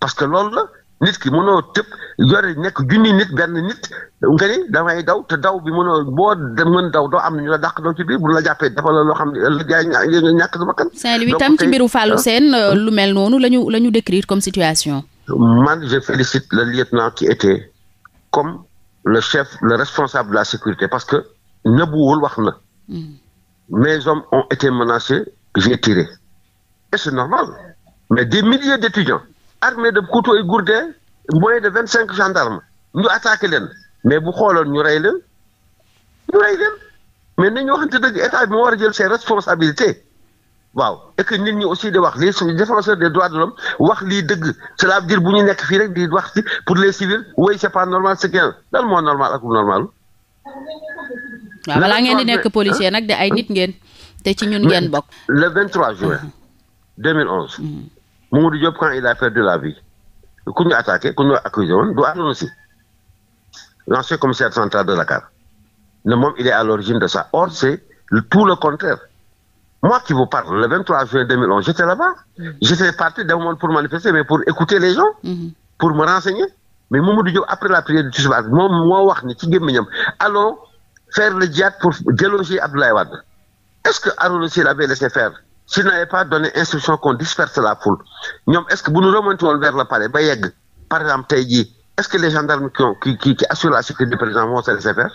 parce que loolu la nit ki mënoo tëb yore nekk junni nit benn nit nga ni damay daw te daw bi mënoo boo mën daw doo am na ñu la dàq doo ci biir bu la jàppee dafa la loo xam ne gaa yi ñàkk sa bakkan. Saint-Louis tam ci ah. euh, lu mel noonu la ñu la ñu décrire comme situation. man je félicite le lieutenant qui était comme le chef le responsable de la sécurité parce que nëbbuwul wax na. Hmm. mes hommes ont été menacés j'ai tiré et c'est normal mais des milliers d'étudiants armée de couteaux et gourdins de vingt cinq gendarmes ñu attaqué leen mais bu xooloon ñu rey leen mais rey ñu wax nañu dëgg état bi moo war a jël ses responsabilités waaw et que nit ñi aussi de wax les défenseurs des droits de l'homme wax lii dëgg cela veut dire bu ñu nekk fii rek di wax ci pour les civils oui c'est pas normal c'est bien lan moo normal akum normal. waaw balaa ngeen di nekk policier nag de ay nit ngeen. te ci ñun ngeen bokk. le 23 juin 2011. Mhm. Mamadou Diop quand il a fait de la vie ku ñu attaqué ku ñu accusé woon du àndoon l'ancien commissaire central de Dakar ne moom il est à l'origine de ça or c'est tout le contraire moi qui vous parle le 23 juin 2011 j'étais là-bas mm-hmm. j'étais parti d'un moment pour manifester mais pour écouter les gens mm-hmm. pour me renseigner mais Mamadou Diop après la prière de Tisbaar moom moo wax ni ci gémmiñam allons faire le djihad pour déloger Abdoulaye Wade est-ce que Harouna Sine avait laissé s'il n'avait pas donné instruction qu'on disperse la foule ñoom est-ce que bu ñu remonté woon vers le palais ba yegg par exemple tey jii est-ce que les gendarmes qui ont qui qui assurent la sécurité du président se laisser faire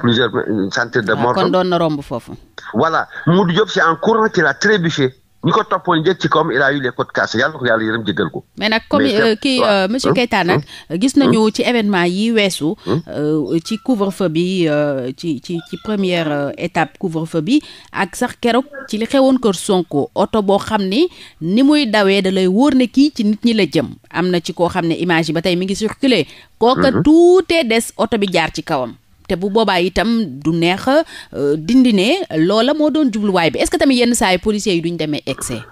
plusieurs centaines de ah, morts. kon romb foofu. voilà Mamadou Diop c'est en courant qu'il trébuché. ñu ko toppoon njëkk ci koom il a eu les côtes cassées yàlla ko yàlla yërëm jéggal ko. mais nag comme euh, kii euh, monsieur Keita nag. gis nañu ci événement yi weesu. Euh, ci couvre-feu bi ci ci ci première étape couvre-feu bi ak sax keroog ci li xewoon kër Sonko oto boo xam ni ni muy dawee da lay wóor ne kii ci nit ñi la jëm am na ci koo xam ne image ba tey mi ngi circuler. kooka tuutee des oto bi jaar ci kawam. te bu boobaa itam du neex euh, dindi ne loola moo doon jubluwaay bi est-ce que tamit yenn saa yi policiers yi duñ demee excès.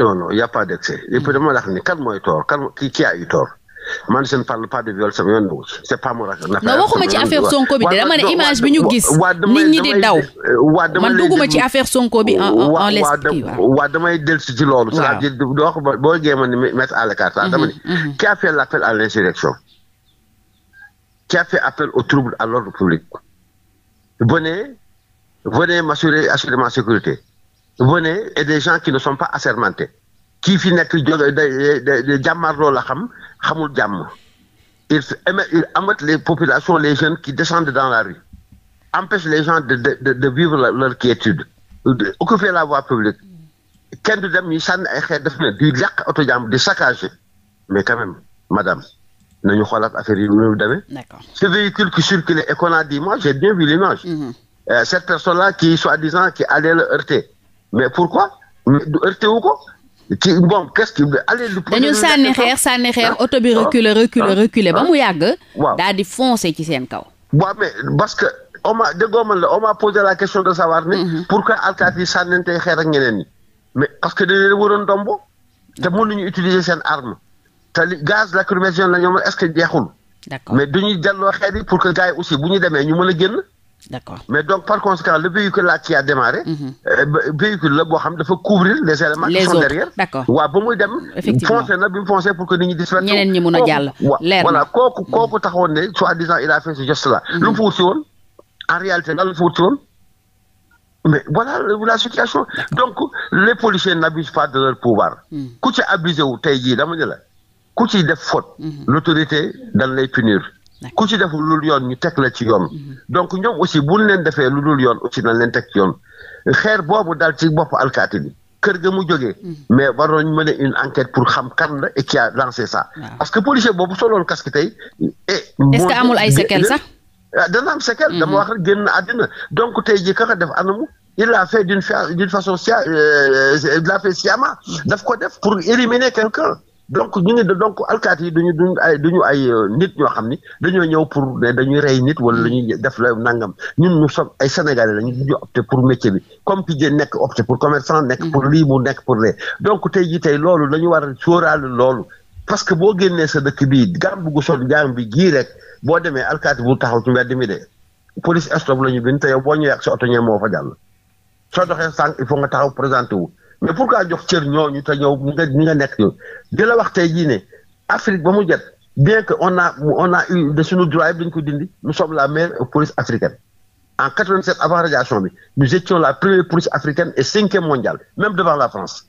non non y' a pas d' excès. il faut mm. dama ni kan mooy toor kan ki ki a eu man je ne parle pas de viol sama yoon newu ci c'est pas mon affaire. non waxuma ci Sonko bi de dama ne image di daw. Euh, man dugguma ci affaire en l'esprit waaw damay dellusi ci loolu. c'est-à-dire boo boo jéem a mettre à l'écart mm-hmm, dama ne. Mm-hmm. qui a fait l'appel à l'insurrection qui a fait appel au trouble à l'ordre public. Venez, venez m'assurer, assurer ma sécurité. Venez, et des gens qui ne sont pas assermentés. kii fi nekk jàmmarloo la xam xamul jàmm il il amat les populations les jeunes qui descendent dans la rue empêche les gens de de de vivre leur quiétude occuper la voie publique kenn du dem ñu sànni ay xeer def na di yàq oto jàmm mais quand même madame nañu xoolaat affaire yi nu mu demee. d'accord ce véhicule qui circulait et qu'on a dit moi j'ai bien vu l'image. Mm -hmm. euh, cette personne qui soi-disant qui allait le heurter mais pourquoi mais du heurter wu ko. ci bon qu'est-ce qui allez lu. dañu sànni xeer sànni xeer ah. oto bi ah. reculer reculer ah. reculer ba mu yàgg. waaw daal di foncer ci seen kaw. waaw mais parce que on m'a déggoo man la on m'a posé la question de savoir ne. Mm-hmm. pourquoi alkaati yi sànnante xeer ak ñeneen ñi. mais parce que dañu leen waroon dombo. te mënuñu utiliser seen arme. tali gaz lacrymogène la ñoom est-ce que jeexul. d'accord mais du ñuy delloo xeet yi pour que gars yi aussi bu ñu demee ñu mën a génn. d'accord mais donc par conséquent le véhicule là qui a démarré. Mm-hmm. Euh, véhicule la boo xam dafa couvrir les éléments. qui sont derrière ba muy dem. effectivement foncé na bi mu foncé pour que nit ñi di. ñeneen ñi mun a oh, jàll leer na kooku mm-hmm. kooku taxawoon ne soi-disant il a fait ce geste là. Mm-hmm. lu mu fa wuti woon en réalité lan la fa wuti woon mais voilà donc les policiers n'abusent pas mm. ku ci wu tey jii dama ne la. ku ci def foot mhm. l'autorité dañ lay punir. ku ci def lu dul yoon ñu teg la ci yoon. Mhm. donc ñoom aussi bu leen defee lu dul yoon aussi nañ leen teg ci yoon xeer boobu daal ci bopp alkaati bi kër ga mu jóge mhm. mais waroon ñu une enquête pour xam kan la et qui a lancé ça. parce que policier boobu soloon casque tey. est que amul ay séquelles sax. Ah, dana am séquelles. dama wax rek gën génn àddina donc tey jii ka def anamu. mu l'a fait d'une fa façon sia euh, euh, il l'a daf ko def pour éliminer donc ñu ngi donc alkaati yi ñu duñ ay duñu ay euh, nit ñoo xam ni dañoo ñëw pour ne dañuy rey nit wala dañuy def la nangam ñun ñu soog ay sénégalais lañu duñu opté pour métier bi comme pijee nekk opté pour commerçant nekk mm. pour lii mu nekk pour lee donc tey jii tey loolu dañu war a sóoraale loolu parce que boo génnee sa dëkk bii gàmb gu sol jaam bi gii rek boo demee alkaati bu taxaw ci mbedd mi de police stop la ñu bind te yow boo ñëwee ak sa oto ñee moo fa jàll soo doxee sànq il faut nga taxaw présenté wu mais a jox cër ñooñu te ñëw nga ñi nga nekk ñu di la wax tey jii ne Afrique ba mu jot bien que on a on a eu de suñu droit ko dindi nous sommes la meilleure police africaine en 87 avant radiation bi nous étions la première police africaine et cinquième mondiale même devant la France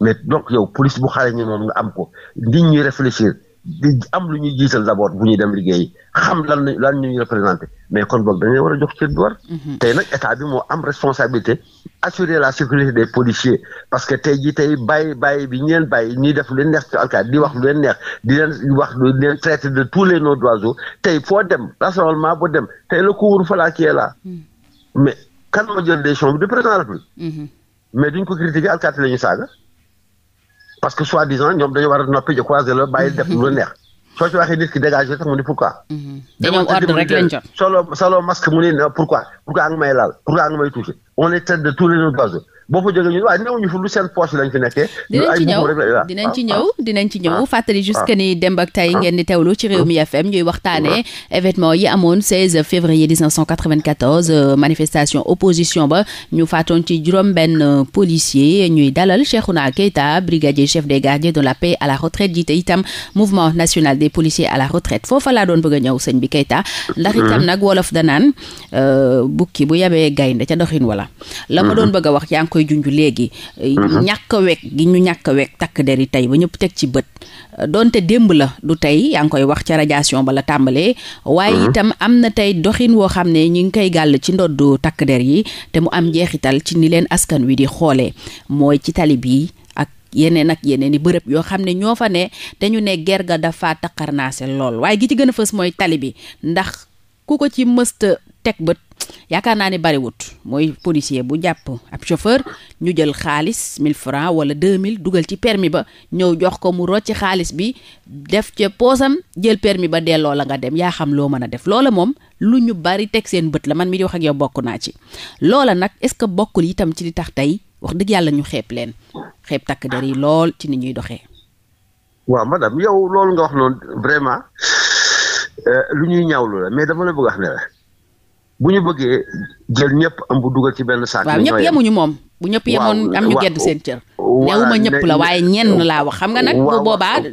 mais donc yow police bu xale ñi moom nga am ko nit ñuy réfléchir. di am lu ñuy jiital d'abord bu ñuy dem liggéey xam lan lañ lan ñu représenté mais kon boog dañuy war a jox cër bu war. Mhm. tey nag état bi moo am responsabilité assurer la sécurité des policier parce que tey jii tey bàyyi bàyyi bi ñu leen bàyyi def lu leen neex ci alkaati di wax lu leen neex di leen wax lu leen traité de tous les noms d'oiseaux tey foo dem rassemblement boo dem tey la couvre-feu kii la mhm. mais kan moo jël décision bi du président de la République mhm. mais duñ ko critiquer alkaati la ñu saaga. parce que soi-disant ñoom dañu war a noppi je croise la bàyyi def lu neex soo ci waxee nit ki dégagé sax mu pourquoi. Mm-hmm. dañoo ordre rek solo solo masque mu ni pourquoi pourquoi a nga may laal pourquoi a nga may touché on est de tous les autres oiseaux boo fa jógee ñu waaye néewuñu fu lu seen poche lañ fi nekkee. dinañ ci ñëw ah, ah. dinañ ci ñëw dinañ ah. ci ñëw fàttali jusque ni Demb ak Tay ngeen di teewlu ci réew mi FM ñuy waxtaanee événement yi amoon 16 février 1994 euh, manifestation opposition ba ñu faatoon ci juróom-benn euh, policier ñuy dalal Cheikhouna Keita brigadier chef des gardiens de la paix à la retraite jiite itam mouvement national des policiers à la retraite foofa laa doon bëgg a ñëw sëñ bi Keita. ndax mm-hmm. itam nag wolof danaan euh, bukki bu yabee gaynde ca doxin wala la ma mm-hmm. doon bëgg a wax yaa koy junj léegi. Mhm. ñàkk a wekk gi ñu ñàkk a wekk takk der yi tey ba ñëpp teg ci bët. donte démb la du tey yaa ngi koy wax ca radiation ba la tàmbalee. waaye mhm. itam am na tey doxin woo xam ne ñu ngi koy gàll ci ndoddu takk der yi te mu am njeexital ci ni leen askan wi di xoolee mooy ci tali bi. yeneen ak yeneen i bërëb yoo xam ne ñoo fa ne dañu ne ger ga dafa taqarnaase lool waaye gi ci gën fës mooy tali bi ndax ku ko ci mësta teg bët yaakaar naa ne bariwut mooy policier bu jàpp ab chauffeur ñu jël xaalis 1000 francs wala 2000 dugal ci permi ba ñëw jox ko mu rocci xaalis bi def ca poosam jël permi ba delloo la nga dem yaa xam loo mën a def loola moom lu ñu bari teg seen bët la man mi di wax ak yow bokk naa ci loola nag est-ce que bokkul itam ci li tax tey wax dëgg yàlla ñu xeeb leen xeeb takk der yi lool ci ni ñuy doxee. waaw madame yow loolu nga wax noonu vraiment euh, lu ñuy ñaawlu la mais dama la bëgg wax bu ñu bëggee jël ñëpp am bu dugal ci benn saak. waaw ñëpp yemuñu moom. bu ñëpp yemoon am ñu gedd seen cër. neewuma ñëpp la waaye ñenn laa wax. xam nga nag boobaa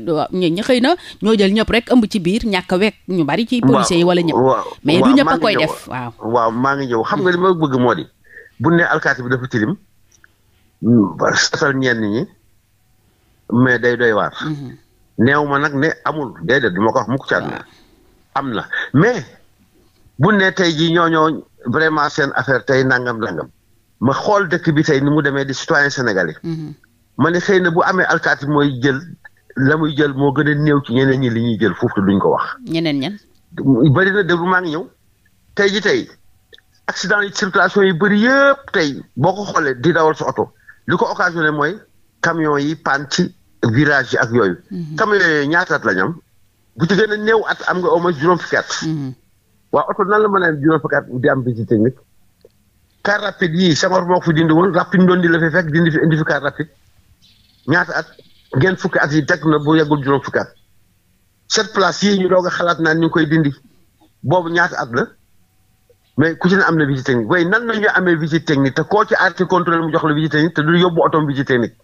boobaa ñi xëy na ñoo jël ñëpp rek ëmb ci biir ñàkk a wekk ñu bari ci policiers yi wala ñëpp. mais du ñëpp a koy def waaw. waaw maa ngi ñëw xam nga li ma bëgg moo di. bu ne alkaati bi dafa tilim. setal ñenn ñi. mais day doy waar. Mhm. neew ma nag ne amul déedéet du ma ko wax mukk caat am na mais bu ne tey jii ñooñoo vraiment seen affaire tey nangam nangam ma xool dëkk bi tey ni mu demee di citoyen sénégalais. Mhm. ma ne xëy na bu amee alkaati mooy jël la muy jël moo gën a néew ci ñeneen ñi li ñuy jël foofu duñ ko wax. ñeneen ñan. bëri na déglu maa ngi ñëw tey ji tey accident yi circulation yi bëri yëpp tey boo ko xoolee di dawal sa oto li ko occasionné mooy camion yi paan ci virage yi ak yooyu. Mhm. camion yooyu ñaataat la ñam bu ci gën a néew at am nga au moins juróom fukki at. Mhm. waaw oto nan la mën a am juróom fukki at di am visite technique car rapide yii Senghor moo ko fi dindi woon rapide ndoon di la fi fekk dindi fi indi ñaata at ngeen fukki at yi teg na bu yeggul juróom fukki at cette place yii ñu doog a xalaat naan ñu ngi koy dindi boobu ñaata at la mais ku ci ne am na visite technique waaye nan la ñuy amee visite technique te koo ci arrêté contrôle mu jox la visite technique te du yóbbu otoom visite technique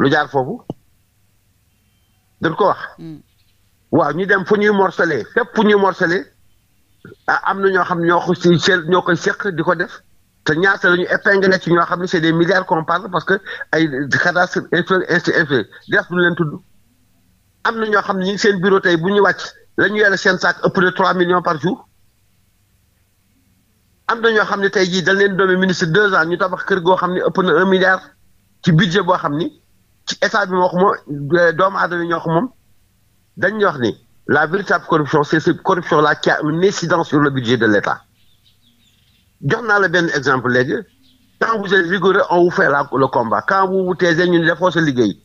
lu jaar foofu dañ ko wax. Hmm. waaw ñu dem fu ñuy morcelé fépp fu ñuy morcelé. Ah, am na ñoo xam ñoo ko si ñoo koy seq di ko def te ñaata la ñu épinglé ñoo xam ne c'est des milliards qu'on parle parce que ay cadastre leen tudd am na ñoo xam ne ñi seen bureau tey bu ñu wàcc la ñu yore seen sac ëpp de trois millions par jour am na ñoo xam ne tey jii dañ leen doome ministre deux ans ñu tabax kër goo xam ne ëpp na un milliard ci budget boo xam ni ci état bi moo ko moom doomu aadama ñoo ko moom dañ ñu wax ni La véritable corruption, c'est cette corruption-là qui a une incidence sur le budget de l'État. jox naa le benn exemple léegi quand vous êtes rigoureux on vous la combat quand vous vous taisez ñu ne defoo sa liggéey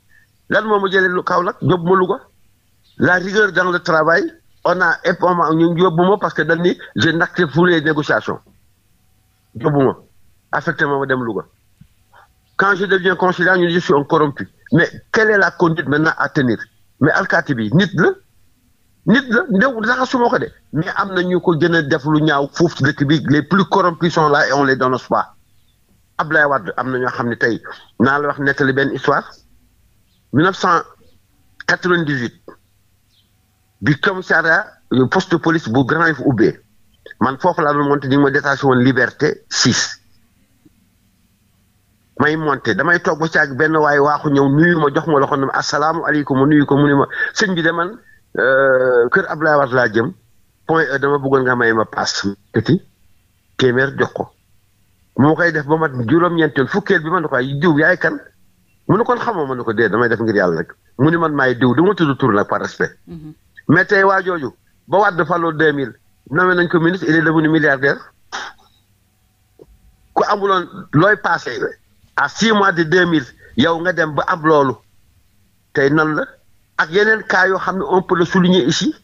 lan moo ma jëlee lu Kaolack yóbbu ma Louga la rigueur dans le travail on a épaulement ñu yóbbu ma parce que dañ ni je n'accepte plus les négociations yóbbu ma affecté ma dem Louga quand je deviens conciliant ñu ne je suis mais quelle est la mais alkaati bi nit la. nit la ndew raxasuma ko de mais am na ñu ko gën a def lu ñaaw foofu ci dëkk bi les plus corrompus sont là et on ab dénonce pas am na ñoo xam ne tey naa la wax nettali benn histoire 1998 bi commissariat poste post police bu Grand fu ubbee man foofu laa doon monté ñu ma détaché woon Liberté 6 may monté damay toog ba caag benn waaye waaxu ñëw nuyu ma jox ma loxo ne ma asalaamualeykum ma nuyu ko mu ne ma sëñ bi de man. Euh, kër Abdoulaye Wade laa jëm point e, dama bëggoon nga may ma paas këti téeméer jox ko moo koy def ba mat juróom-ñeenteel fukkeel bi man ne ko ay diw yaay kan mu ne kon xamoo ma nu ko dee damay def ngir yàlla nag mu ni man maay diw du ma tudd tur nag par respect mhm. mais tey waa jooju ba Wade faloo deux mille nommé nañ ko ministre il est devenu milliardaire ku amuloon looy passé à six mois de deux mille yow nga dem ba am loolu tey nan la ak yeneen cas yoo xam ne on peut le souligner ici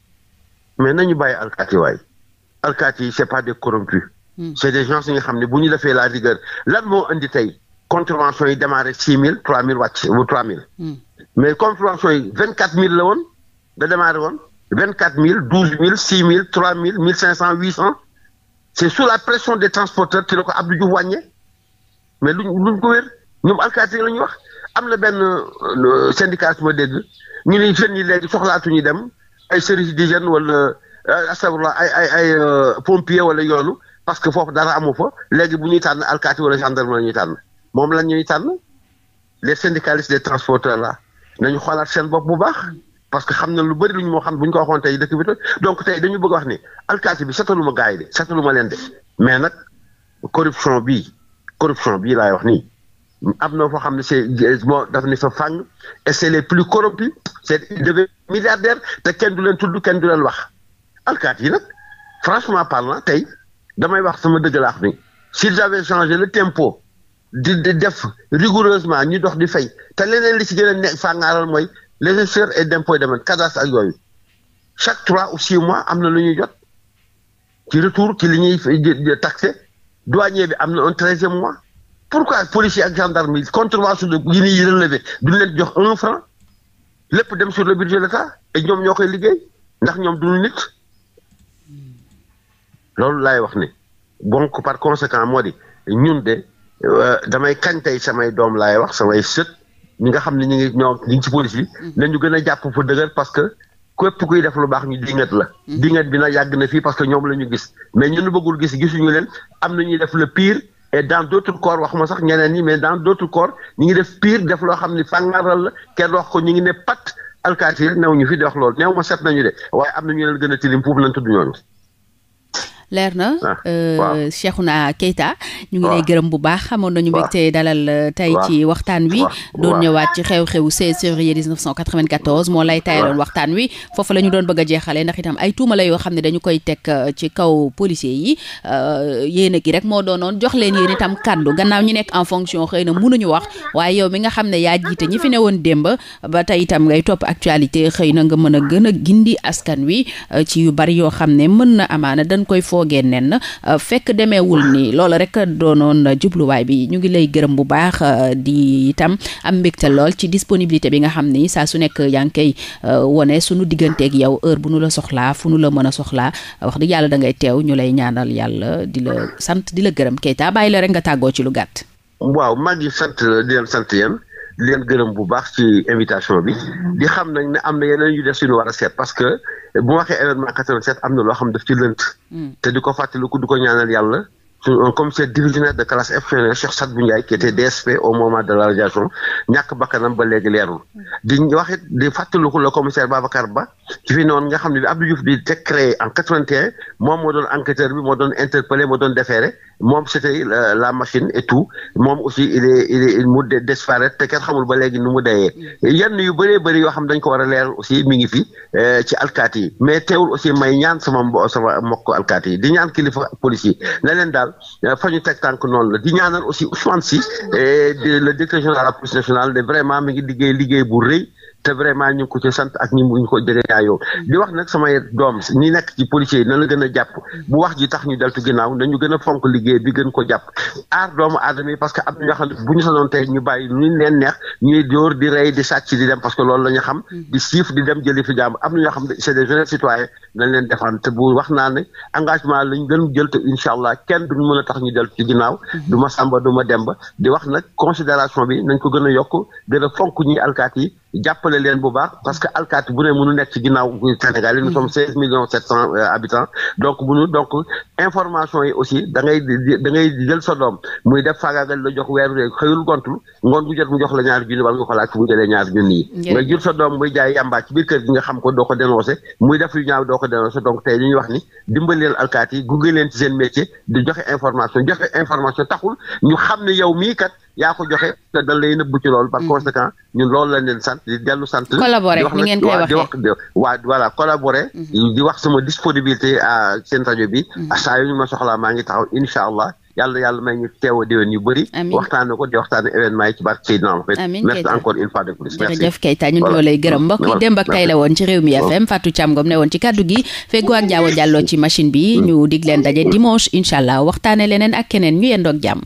mais nañu bàyyi alkaati waay alkaati yi c'est pas des corrompus hmm. c'est des gens yi nga xam ne bu ñu defee la rigueur lan moo indi tey contravention yi démarré six mille trois mille wàcc ou trois mille hmm. mais contravention yi vingt quatre mille la woon da démarré woon vingt quatre mille douze mille six mille trois mille mille cinq cent huit cent c'est sous la pression des transporteurs ci la ko Abdou Diouf wàññee mais luñ luñ ko wér ñoom alkaati la ñu wax am na benn euh, syndicat ma dégg ñu ni jeunes yi léegi soxlaatuñu dem ay service d'hygiène wala euh, astafurlah ay ay ay euh, pompier wala yoonu parce que foofu dara amu fa léegi bu ñuy tànn alkaati wala gendarme la ñuy tànn moom la ñuy tànn les syndicalistes des transporteurs là nañu xoolaat seen bopp bu baax parce que xam na lu bëri lu ñu moo xam buñ ñu ko waxoon tey dëkk bi tey donc tey dañu bëgg wax ni alkaati bi setaluma gars yi de setaluma leen de mais nag corruption bi corruption bii laay wax nii. am na foo xam ne c'est moo euh, daf ni fa fàng et c'est les plus corrompus c'est devenu milliardaire te kenn du leen tudd kenn du leen wax alkaat yi nag franchement parlant tey damay wax sama dëggalaax bi s'ils avaient changé le tempo di di def rigoureusement ñu dox di fay te leneen li ci gën a ne fàngaaral mooy les gestionnaires et d'impôts et domaines cadastre ak yooyu chaque trois ou six mois am na lu ñuy jot ci retour ci li ñuy taxé douanier bi am na un treizième mois pourquoi policiers ak gendarmes yi contravention de yi leen jox un franc lépp dem sur le budget de l'État ñoom ñoo koy liggéey ndax ñoom duñu nit loolu laay wax ni donc par conséquent moo di ñun de euh, damay kañ tey samay doom laay wax samay sët ñi nga xam ne ñu ngi ñoom ñu ngi ci police bi mm-hmm. nañu gën a jàpp fu dëgër parce que képp kuy def lu baax ñu dingat la mm-hmm. dingat bi na yàgg na fii parce que ñoom la ñu gis mais ñun bëggul gis gisuñu leen am na ñuy def le pire et dans d'autres corps waxuma sax ñeneen ñi mais dans d'autres corps ñu ngi def pire def loo xam ni fàngaral la kenn wax ko ñu ngi ne pat alkaati rek new ñu fi di wax loolu ma set nañu de waaye am na ñu leen gën a tilim foofu lañ tudd ñooñu leer na ah, euh, naa Keita ñu ngi lay gërëm bu baax xamoon nañu mbégte dalal euh, tey ci waxtaan wi doon ñëwaat ci xew-xewu 16 février 1994 moo lay tay tayaloon waxtaan wi foofu la ñu doon bëgg a jeexalee ndax itam ay tuuma la yoo xam ne dañu koy teg euh, ci kaw policiers yi yéen a gi rek moo doonoon jox leen yéen itam kàddu gannaaw ñi nekk en fonction xëy na mun ñu wax waaye yow mi nga xam ne yaa jiite ñi fi ne woon démb ba tey itam ngay topp actualité xëy na nga mën a gën a gindi askan wi ci yu bari yoo xam ne mën na amaana foogee nen euh, fekk demeewul nii loolu rek na jubluwaay bi ñu ngi lay gërëm bu baax euh, di itam am mbégte lool ci disponibilité bi nga xam ni saa su nekk yaa ngi koy euh, wone sunu digganteek yow heure bu nu la soxlaa fu nu la mën a soxlaa wax dëgg yàlla da ngay teew ñu lay ñaanal yàlla di la sant di la gërëm Keita bàyyi la rek nga tàggoo ci lu gàtt di leen gërëm bu baax ci invitation bi di xam nañ ne am na yeneen yu des yu ñu war a seet parce que bu waxee événement 87 am na loo xam daf ci lënt mm. te di ko fàttaliku di ko ñaanal yàlla un commissaire divisionnaire de classe exceptionnelle Cheikh Sadbou Ndiaye qui était DSP au moment de la radiation ñàkk bakkanam ba léegi leerul mm. di wax it di fàttaliku le commissaire Babacar Ba ci fi noonu nga xam ne bi Abdou Diouf di te créé en 81 moom moo doon enquêteur bi moo doon interpellé moom c'était euh, la machine et tout moom aussi il est il est mu disparaître te kenn xamul ba léegi nu mu deyee yenn yu bëree bëri yoo xam dañ ko war a leeral aussi mi ngi fi euh, ci alkaati yi mais teewul aussi may ñaan sama sama mbokk alkaati yi di ñaan kilifa police yi ne leen daal euh, fa ñu teg tànk noonu la di ñaanal aussi Ousmane Sy le directeur général de la police nationale vraiment mi ngi liggéey liggéey bu rëy te vraiment ñu ngi ko ci sant ak ñi ñu ko jege yaayoo di wax nag samay doom ñi nekk ci policier yi na la gën a jàpp bu wax ji tax ñu deltu ginnaaw nañu gën a fonk liggéey bi gën ko jàpp aar doomu aadama yi parce que am na ñoo xam ne bu ñu sanoon tey leen neex ñuy dóor di di sàcc di dem parce que loolu la ñu xam mm. di siif di dem jëli fi jàmm am ñoo xam ne leen defaan te bu wax naa ne engagement lañ gën jël te incha allah kenn duñ mën a tax ñu deltu ci ginnaaw mm-hmm. du ma sàmba du ma demba di wax nag considération bi nañ ko gën a yokk gën a fonk ñi alkaat yi jàppale leen bu baax parce que alkaati bu ne nekk ci ginnaaw Sénégal yi nous sommes seize millions sept cent euh, habitants donc bunu donc information yi aussi da ngay da ngay jël sa doom muy def faagaagal la jox weeru rek xëyul gontul ngoon bu jot mu jox la ñaari junni wala nga ko laaj fu mu jëlee nga muy jaay yàmbaa ci biir kër gi nga xam ko doo ko dénoncé muy def yu ñaaw doo ko dénoncé donc tey li ñuy wax ni dimbali leen alkaati yi gunge ci seen métier di joxe information joxe information taxul ñu xam ne yow mii kat yaa ko joxe te dañ lay nëbbu ci lool par mm. conséquent ñun loolu lañ leen sant di dellu sant. collaborer ni ngeen koy waxee di wax waa voilà collaborer. Mm-hmm. di wax sama disponibilité à seen bi. Mm-hmm. saa yu ñu ma soxlaa maa ngi taxaw incha a déwén yu bëri. amiin waxtaanee ko di waxtaanee événement yi ci barke Seydina Mohamed. amiin Keita merci encore une fois de plus. merci jërëjëf Keita lay gërëm mbokk yi démb la woon ci réew mi FM Fatou Thiam Ngom ne woon ci kaddu gi feggoo Jaawo Jàlloo ci machine bi mm. ñu dig leen daje dimanche incha allah leneen ak keneen ñu yendoog jàmm.